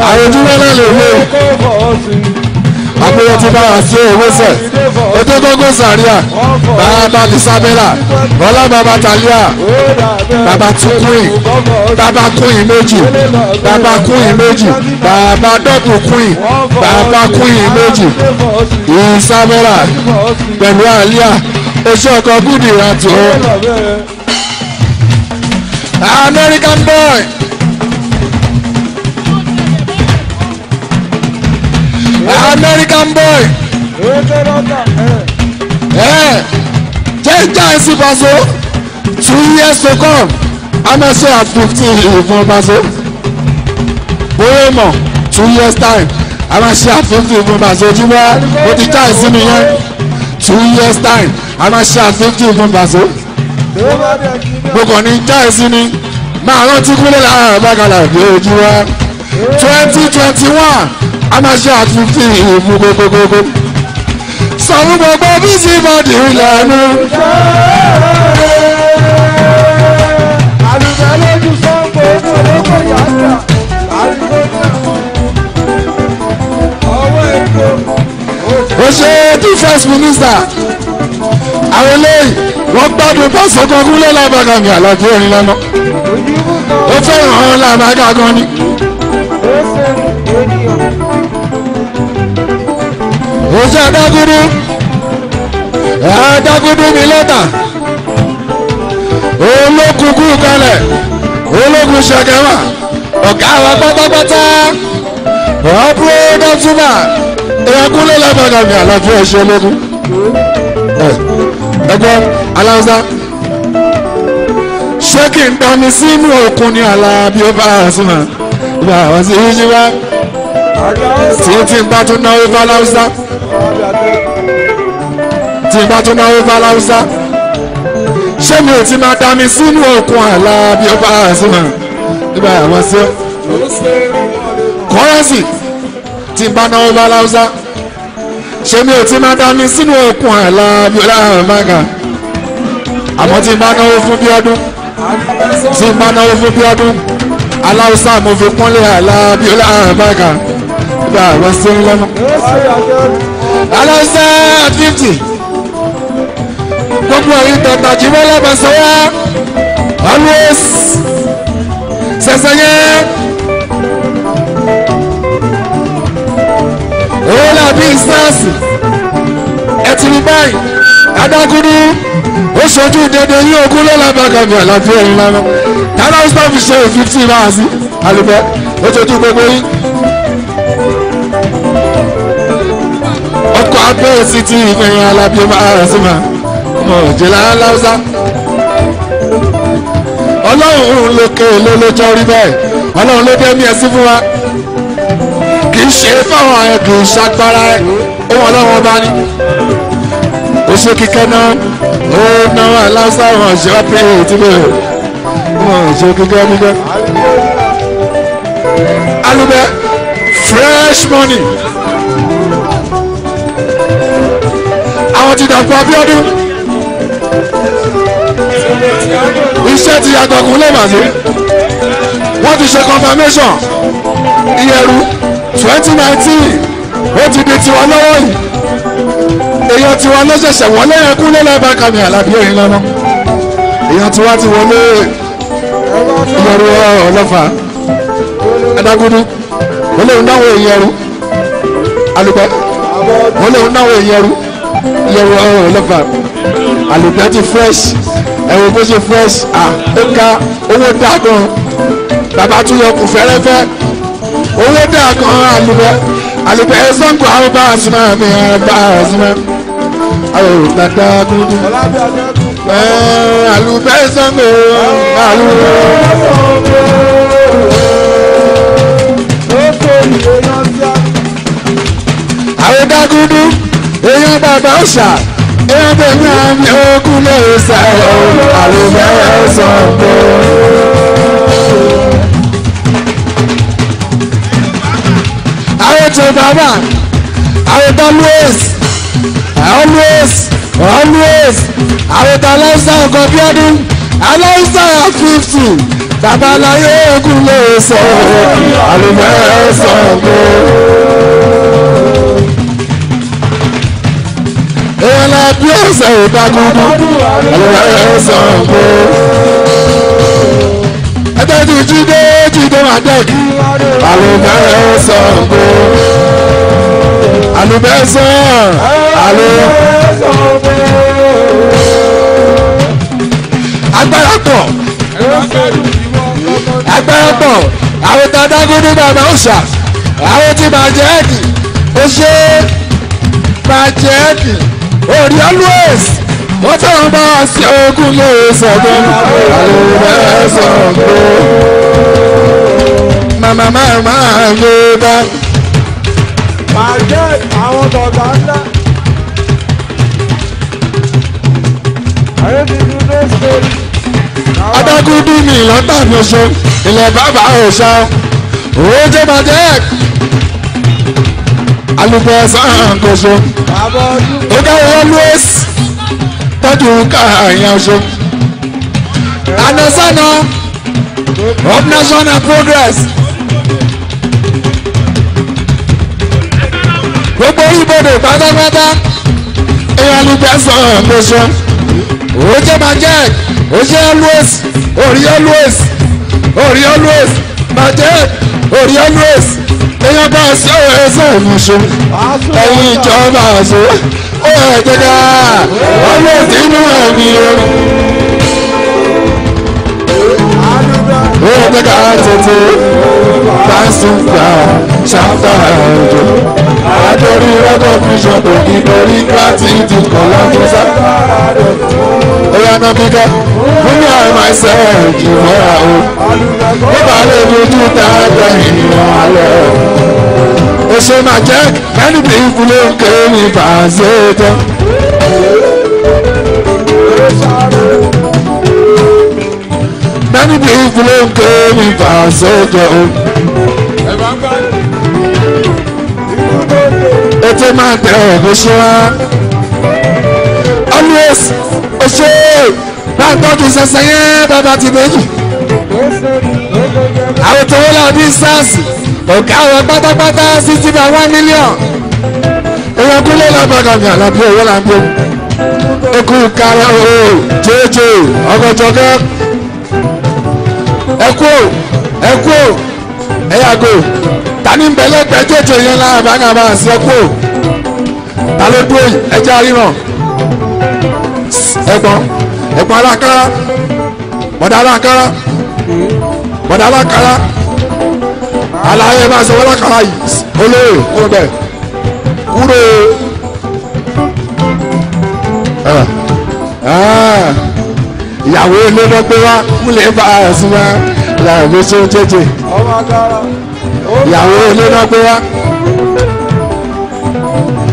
àròjúmọ́ náà lè lé àpérò ti bára sí owó ètò gógó sàríà bàbá isabella ọlá bàbá talia bàbá tukuyin bàbá kuyin méjì bàbá kuyin méjì bàbá dọ́kun kuyin bàbá kuyin méjì isabella pẹ̀lú àlíà oṣù ọkọ̀ gúdìrà tó. American boy. American boy. Eh, Jẹ́jà ẹ̀ sì Paso two years to come Amẹ́sẹ̀ at fifteen ìfún Paso. Bóyá mọ̀ two years time Amẹ́sẹ̀ at fifteen ìfún Paso ojúmọ́ ó ti já ìsí mi yẹn two years time Amẹ́sẹ̀ at fifteen ìfún Paso. Gbogbo ní já ìsí ni máa rántí kúlẹ̀ lára àbákalà ní ojúmọ́ twenty twenty one anáṣẹ́ àtúntì ìmú gbogbogbò sọ̀rọ̀ gbogbo bí sí bọ́dì lẹ́nu. àlùfẹ́lẹ́jù sọ́ńpọ̀ ojú olóko yàtọ̀ ọwọ́ èkó. o ṣe tí first minister àwọn eléyìí wọ́n gbádùn pásọ̀ kankun lọ́làbàgà ní àlàjì orin lánàá ó fẹ́ràn ọ̀rọ̀ làbàgà gan ni. mo ṣe adágúdú adágúdú mi lẹ́tà olókùnkùn kalẹ̀ olókùn ṣẹ̀kẹ̀wà ọ̀gá wa pátápátá ọ̀pọ̀ dọ́túmà ẹ̀kúnlẹ̀ lẹ́gbẹ̀ẹ́ mi àlàáfíà ẹ̀ṣẹ̀ ológun ẹ̀gbọ́n aláwùsá ṣé kí n dání sínú òkun ní alábí ó bá a súnmọ́ ìgbà àwọn sí yíyí wá tí tí bá tún náwó bá aláwùsá tí n bá tún náwó bá láwùsá ṣé mi ò ti máa dá mi sínú òkun àlá bí ó bá àṣùmọ̀ nígbà àwọn sí ọ. kọ́rẹ́sì tí n bá náwó bá láwùsá ṣé mi ò ti máa dá mi sínú òkun àlá bí ó láwọn mága àmọ́ tí n bá náwó fún bí ọdún tí n bá náwó fún bí ọdún aláwùsá mo fi pọ́nlé àlá bí ó láwọn mága nígbà àwọn sí ọ lọ́nà. aláwùsá fifty gbogbo ẹ̀yin tata jimọ́ lẹ́bẹ̀sẹ̀ wá always sẹ̀sẹ̀ yẹn owó làbí ìsáàsì ẹtì ní báyìí adágúdú ó ṣojú dédé ní ogún lọ́la bàgàbà àlàáfíà ńlá náà tààrà ó sábà fi ṣe fifty náà sí àlùbẹ́ ó ṣojú gbogbo yín. ọkọ̀ abẹ́rẹ́ sí ti ìfẹ̀yìn alábíyẹ́ máa rà sí máa ọ̀jẹ̀lá láwùsá ọlọ́run lókè lólójọ́ rí bẹ́ẹ̀ ọlọ́run ló dé mí ẹsí fún wa kì í ṣe fáwọn ẹ̀dùn ṣàgbára ẹ̀ ohun ọlọ́run ọba ni oṣù kíkẹ́ náà ó náwó aláwùsá wọn ṣe wá pé ètí lè wọn ṣe kíkẹ́ nígbẹ́ alubẹ fresh money àwọn ti dàgbà bí ọdún iṣẹ́ ti yàtọ̀ kún lẹ́bàdí wọ́n ti ṣe confirmation ìyẹ̀rù twenty nineteen ó ti di tiwa lọ́wọ́ yìí èèyàn tiwa ló ṣẹ̀ṣẹ̀ wọlé ẹkún lẹ́lẹ́ bá kàmì àlàbí ẹ̀yìn lọ́nà èèyàn tiwa ti wọlé ìyẹ̀rù ọlọ́fà ẹ̀dágúdú wọlé òun náwó ìyẹ̀rù alùpàá wọlé òun náwó ìyẹ̀rù ìyẹ̀rù ọlọ́fà àlùkò ti fresh ẹ̀wọ̀n bó ṣe fresh à ó ká owó dá gan bàbá tún yọ kù fẹ́rẹ́fẹ́ owó dá gan àlùkò àlùkò ẹ̀ sọ́ǹkù àwọn bá àṣìmọ́ àmì àgbà àṣìmọ́ àwọn òkàtà kúndùn àlùkò ẹ̀ sọ́ǹkù àlùkò. àwọn dágúndú èèyàn bàbá ọ̀ṣà. Jẹ́bẹ̀ náà ni ogun lè sá o, àlùbẹ́ ẹ̀sán tó. Àwòtò bàbá, àwòtò always, always, always, àwòtò aláìsá ọkọ̀ bí ọdún, aláìsá fifty, bàbá aláyé ogun lè sọ o, àlùbẹ́ ẹ̀sán tó. èèyàn náà bí ọ̀sẹ̀ ìdákọ́nú àlùbáyé ọ̀sẹ̀ ọ̀pọ̀. ẹgbẹ́ ti jíde jíde máa dẹ́kì àlùbáyé ọ̀sẹ̀ ọ̀pọ̀. àlùbáyé sọ̀ àlùbáyé agbára pọ̀ agbára pọ̀ àwọn tí a dágún ní bàbá òòṣà àwọn tí màá jẹ́ ẹ̀kì ó ṣe é màá jẹ́ ẹ̀kì orí always wọ́n tẹ̀ wọ́n bá sí ogun lè sọ̀gbọ́n àlè sọ̀gbọ́n màmá màmá lè bá. màá jẹ́ àwọn dọ̀gá ńlá. adágún bí mi lọ́tà mi ṣe ilẹ̀ bàbá òòṣà òòjẹ́ bàjẹ́ alùpẹ̀sán kòso ó dáwọ́ always tọ́jú ka so. anasana of national progress. gbogbo ibodè pátápátá èèyàn alùpẹ̀sán kòso ó Oje majek Oje always Ori always Ori always majek Ori always lẹ́yìn bá ṣe ẹsẹ̀ ìmọ̀ṣọ́ ẹ̀yìn ìjọba àṣọ ó ẹ̀jẹ̀dá ọlọ́ sínú ẹ̀mí o. ó ẹ̀jẹ̀dá tètè kásùnkà ṣàtàjò àdórí rọ́dọ̀ bíṣọ̀pù nítorí láti ti kàn lọ́dún sá. Oya náà bí ká fúnmi àìmọ̀ ẹsẹ̀ ìmọ̀ra o. Nígbà lè dojú ta ẹgbẹ́ ènìyàn alẹ́ o. Èso máa jẹ́ mẹ́rin bí ìkúlé ń kéré ní bàzẹ́ tán. Any big long game in Passover. Ètè máa tẹ ọ̀gbìn ṣe wá. Always ọṣẹ́ bá ń tọ́jú sẹ́sẹ́ yẹn bàbá ti méjì. Àwọn tó wọlé ọdún SARS ọ̀gá àwọn pátápátá sixty by one million. Ìwọ̀n kúlẹ̀ lọ́gbọ̀dọ̀ ní àlàbí owó làǹdó. Ekú kárá o jẹ́jẹ́ ọgọ́jọ́gẹ́ ẹ kú o ẹ kú o ẹ yàgò tani ń bẹ lẹ́gbẹ̀ẹ́ jòjò yẹn lára bá ń bá àṣì ẹ kú o ta ló dúró yìí ẹ jẹ́ àríran alákàrà bọ̀dá alákàrà bọ̀dá alákàrà alaye bá sọ alákàrà yìí olóyè kúrò bẹ́ẹ̀ kúrò. Ah. Ah ìyàwó lọ́dọ́ pé wá múlẹ̀ bá a sùn wá làbí tó jẹjẹ ìyàwó lọ́dọ́ pé wá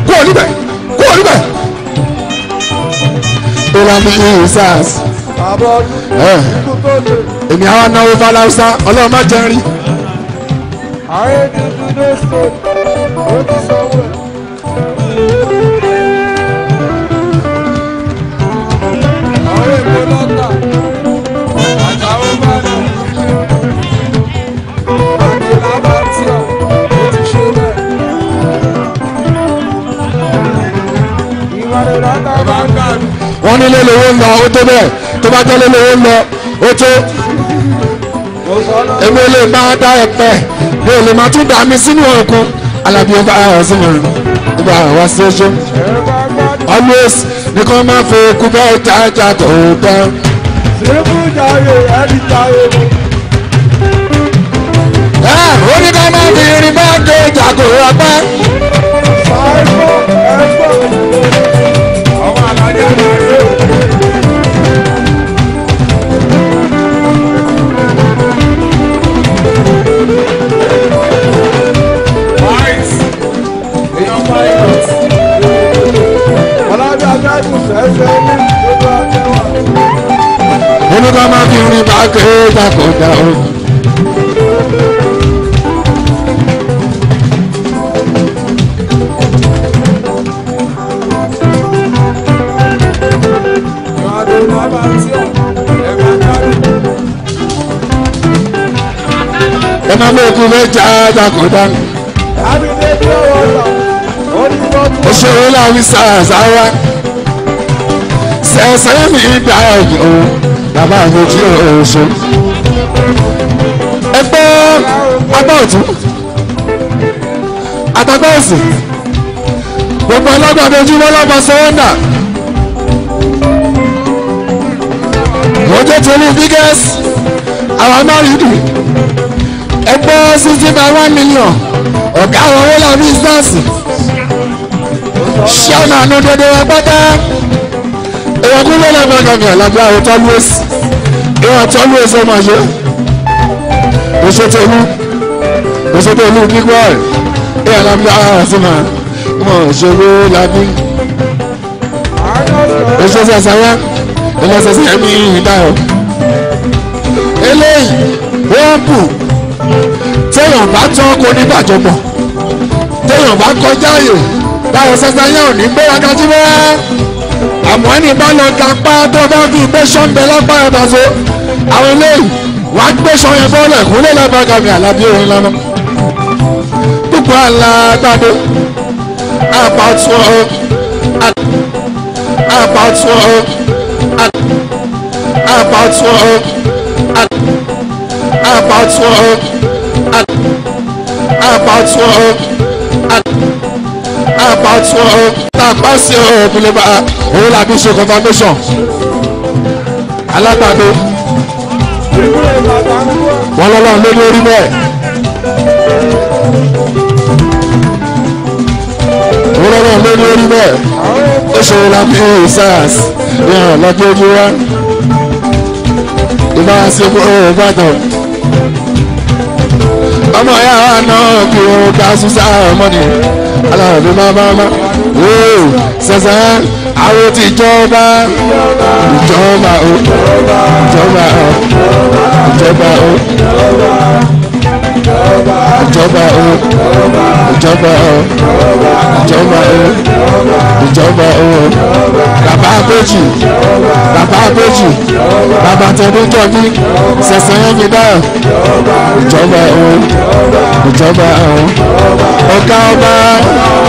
kú ò níbẹ̀ kú ò níbẹ̀. ìlànà ìsàs èmi àwọn anáwó faláwùsá ọlọ́run má jẹun rí. ààrẹ tuntun ló sọ ó ti sọ. wọ́n nílé lówó ń lọ ó tó bẹ́ẹ̀ tó bá jẹ́ lówó ń lọ ó tó èmi ò lè bá wọn dá ẹ̀pẹ́ mi ò lè máa tún dà mí sínú ọ̀kan alábí ọba àwọn sínú ìgbà àwọn ṣoṣo always nìkan máa fẹ́ kú bẹ́ẹ̀ jájà tó tán. sèkú jàre ẹni jàre mo. ẹ oníkan máa fi irin bá dé jàgò ọgbẹ́. olùkọ́ máa fi rin bá kéèjà kọjá o. ẹ máa mú okun méjà àjàkọ̀dá. ó ṣe wọlé àwọn sáà sáà wá sẹ̀sẹ̀ mi gbà yìí o bàbá mi tí o ṣe. ẹgbẹ́ agbá ọ̀tún àtàgbà òsì gbogbo ọlọ́gbọ̀n dojúmọ́ lọ́gbọ̀ sọ́wọ́ndà. mọ́jọ́ tó ní biggest our married ẹgbẹ́ sixty by one million ọ̀gá àwọn owó làbí ìsáàsì ṣé ọ̀nà àná dodo ẹgbẹ́ tẹ́ àwọn kúlẹ̀ lẹ́gbẹ̀gbẹ̀ alájà àwọn tọ́lúwèsì ìwọ̀n tọ́lúwèsì ọmọ ṣe òṣètòlú òṣètòlú kíkọ́ ẹ̀ ẹ̀ alájà àti mà mọ̀ ṣòro lábí òṣèṣẹ́ sáyà ẹlẹ́sẹsẹ ẹ̀mí ìdáyọ̀ eléyìí wọ́n bù téèyàn bá tán kò ní téèyàn bá kọjá ààyè báyọ̀ sẹ́sẹ́ yẹn ò ní gbéra kájú bẹ́ẹ̀ àmọ́ ẹni bá lọ ga pa tó bá fi gbẹ́sọ̀ ń bẹ lápá ẹ̀dá so àwọn eléyìí wàá gbẹ́sọ̀ yẹn bọ́ọ̀lù ẹ̀kúnlẹ̀ lábàgà mi àlàbí òun lọ́nà púpọ̀ alágbàdo àpàtúọ̀ àpàtúọ̀ àpàtúọ̀ àpàtúọ̀ àpàtúọ̀ àpàtúọ̀ tàpá sí ọ̀ọ́ òun làbí so confirmation alágbàdo wọn lọ́lọ́ ló lórí bẹ́ẹ̀ wọn lọ́lọ́ ló lórí bẹ́ẹ̀ ó ṣe lábẹ́ sars ní àwọn ọlọ́dún ojú wa ìbára sí ọ̀hún ìbàdàn ọmọ ya wa náà kí o ká sùn sáà ọmọdé aláàbí má bá má wò sẹ́sẹ́ àwọn ti jọba ìjọba o ìjọba o ìjọba o ìjọba o ìjọba o ìjọba o ìjọba o bàbá abéjì bàbá abéjì bàbá tẹnu jọjí sẹsẹ yẹnyin náà ìjọba o ìjọba o ọ̀gá ọba.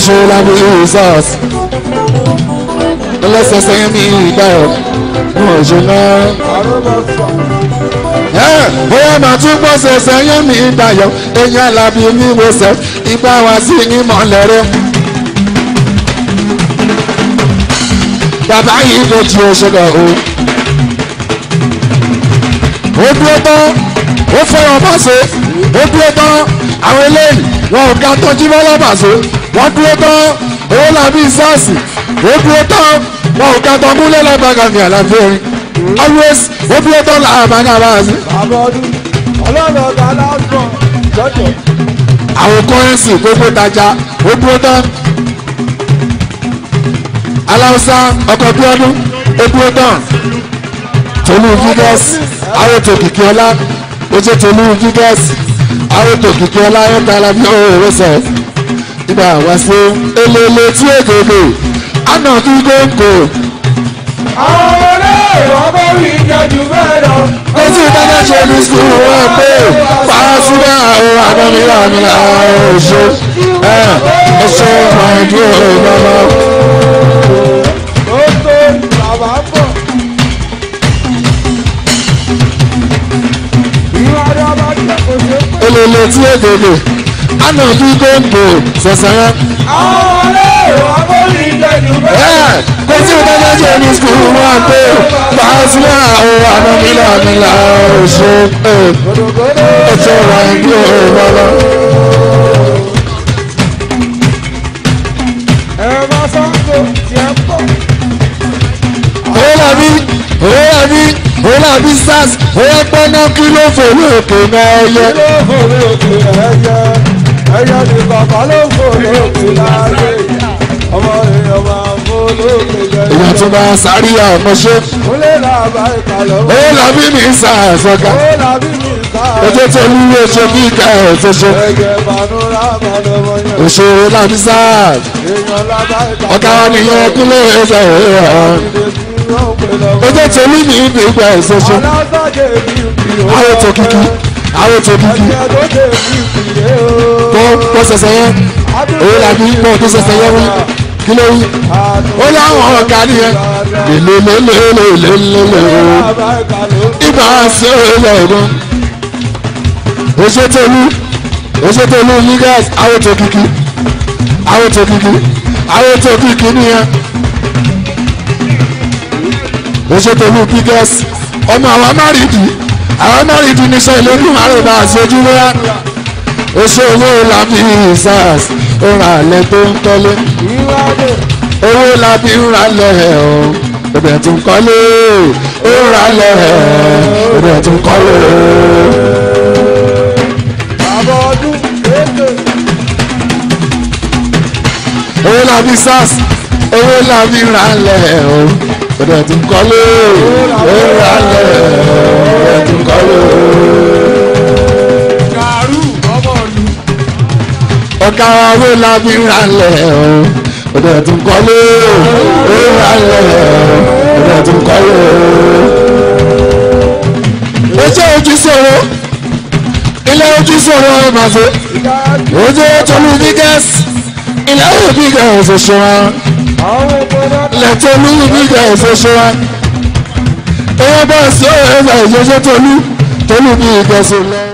Shola Jesus Bless us and me God Mojuna Arabasa bóyá màá tún bọ́ ṣẹṣẹ yẹn mi dayọ̀ eyín alábí ní mo ṣẹ ìgbà wá sí ní mọ̀lẹ́rẹ́. bàbá yìí ló ti oṣù lọ o. ó dúró tán ó fẹ́ràn bàṣẹ ó dúró tán àwọn eléyìí wọn ò ga tán jíbọ́ lọ́bàṣẹ wọ́n dúró tán owó làbí sars ó dúró tán wọn ò ga tán múlẹ̀ lọ́gbàgàmì àlàfo orin always obi ọtọ làbàgà bá a sí. ọlọ́run ọ̀gá aláàbọ̀ jọ́jọ́. àwọn kọ́rẹ́nsì gbogbo tajà ó dúró tán aláwùsá ọkọ̀ bíọ́dún ó dúró tán tolú vigas arótò kìkì ọlá ojú tolú vigas arótò kìkì ọlá ayọ́tàlá ní òwe sọ nígbà wá sí elele tí èkèké àná kí góńgò ọmọ rí ìjọjú bẹ́ẹ̀ lọ. ó sì dáná ṣe ní sùúrù ẹ pé pàṣípà àwọn àdámílà àmìlà ọ̀ṣọ́ ọ̀ṣọ́ màdúró ìbámu. ó tó bàbá bọ̀. olèlè tí ó dèdè àná bí gbòǹgbò sẹ̀sẹ̀ rẹ. àwọn ọ̀rẹ́ ìwà bó ní ìjẹ́jú bẹ́ẹ̀. Etí ìta bá jẹ́ ní sùkúrù máa ń pè ó. Bàásílà ó àná mílà mílà ó ṣe é. Ẹ̀tọ́ wa ń gbé ó bàbá. Ola bí sars oya pẹ́ná kí ló fòrò òkè náà ẹyẹ. Kí ló fòrò òkè ẹyẹ? Ẹyẹ ni bàbá ló fòrò òkè láàyè. Ọmọ rẹ̀ ọmọ èyí àti máa sáré àmọ́ṣe. ó làbí mi sà sọ́ka. ètò tó ní ilé ṣe kí ìka ẹ̀ tó ṣe. òṣèré làbí sà. ọ̀gá wa nìyẹn kúlẹ̀ ẹ̀ṣẹ̀ rẹ̀ hàn. ètò tó ní ní ibi ìgbà ẹ̀ tó ṣe. àwọn tó kíkí àwọn tó kíkí. kó kó ṣẹ̀ṣẹ̀ yẹn. òun làbí kó kó ṣẹ̀ṣẹ̀ yẹn wá kí ló wí ó láwọn ọ̀gá nìyẹn lélelelelelele ibà ṣe ọ̀rọ̀ ẹ̀gbọ́n oṣetolu oṣetolu ligas awoto kiki awoto kiki awoto kiki nìyẹn oṣetolu awa ọmọ àwa márìdì àwa márìdì níṣẹ́ ìlú ìlú márùn-ún àṣejúwẹ́ oṣooṣo làbí sars ìrà alẹ́ tó ń kọ́lé. owó la fi ń ra lẹ́hẹ̀ o ìbẹ̀ tún kọ́lé ń ra lẹ́hẹ̀ ìbẹ̀ tún kọ́lé. bàbá ọdún ètò. owó la fi sars owó la fi ń ra lẹ́hẹ̀ o ìbẹ̀ tún kọ́lé ń ra lẹ́hẹ̀ ìbẹ̀ tún kọ́lé. ọ̀gá owó la ń ralẹ̀ o òde tún kọ́lé o ń ralẹ̀ o òde tún kọ́lé o. ojú ojú sọ̀rọ̀ ilé ojú sọ̀rọ̀ màfẹ́ ojú tolú bígẹ́s ilé ojú bígẹ́s òṣùwọ̀n ilé tolú bígẹ́s òṣùwọ̀n owó bọ́ọ̀sì ó yẹ ẹ̀fà ìjọsẹ́ tolú tolú bígẹ́s òṣùwọ̀n.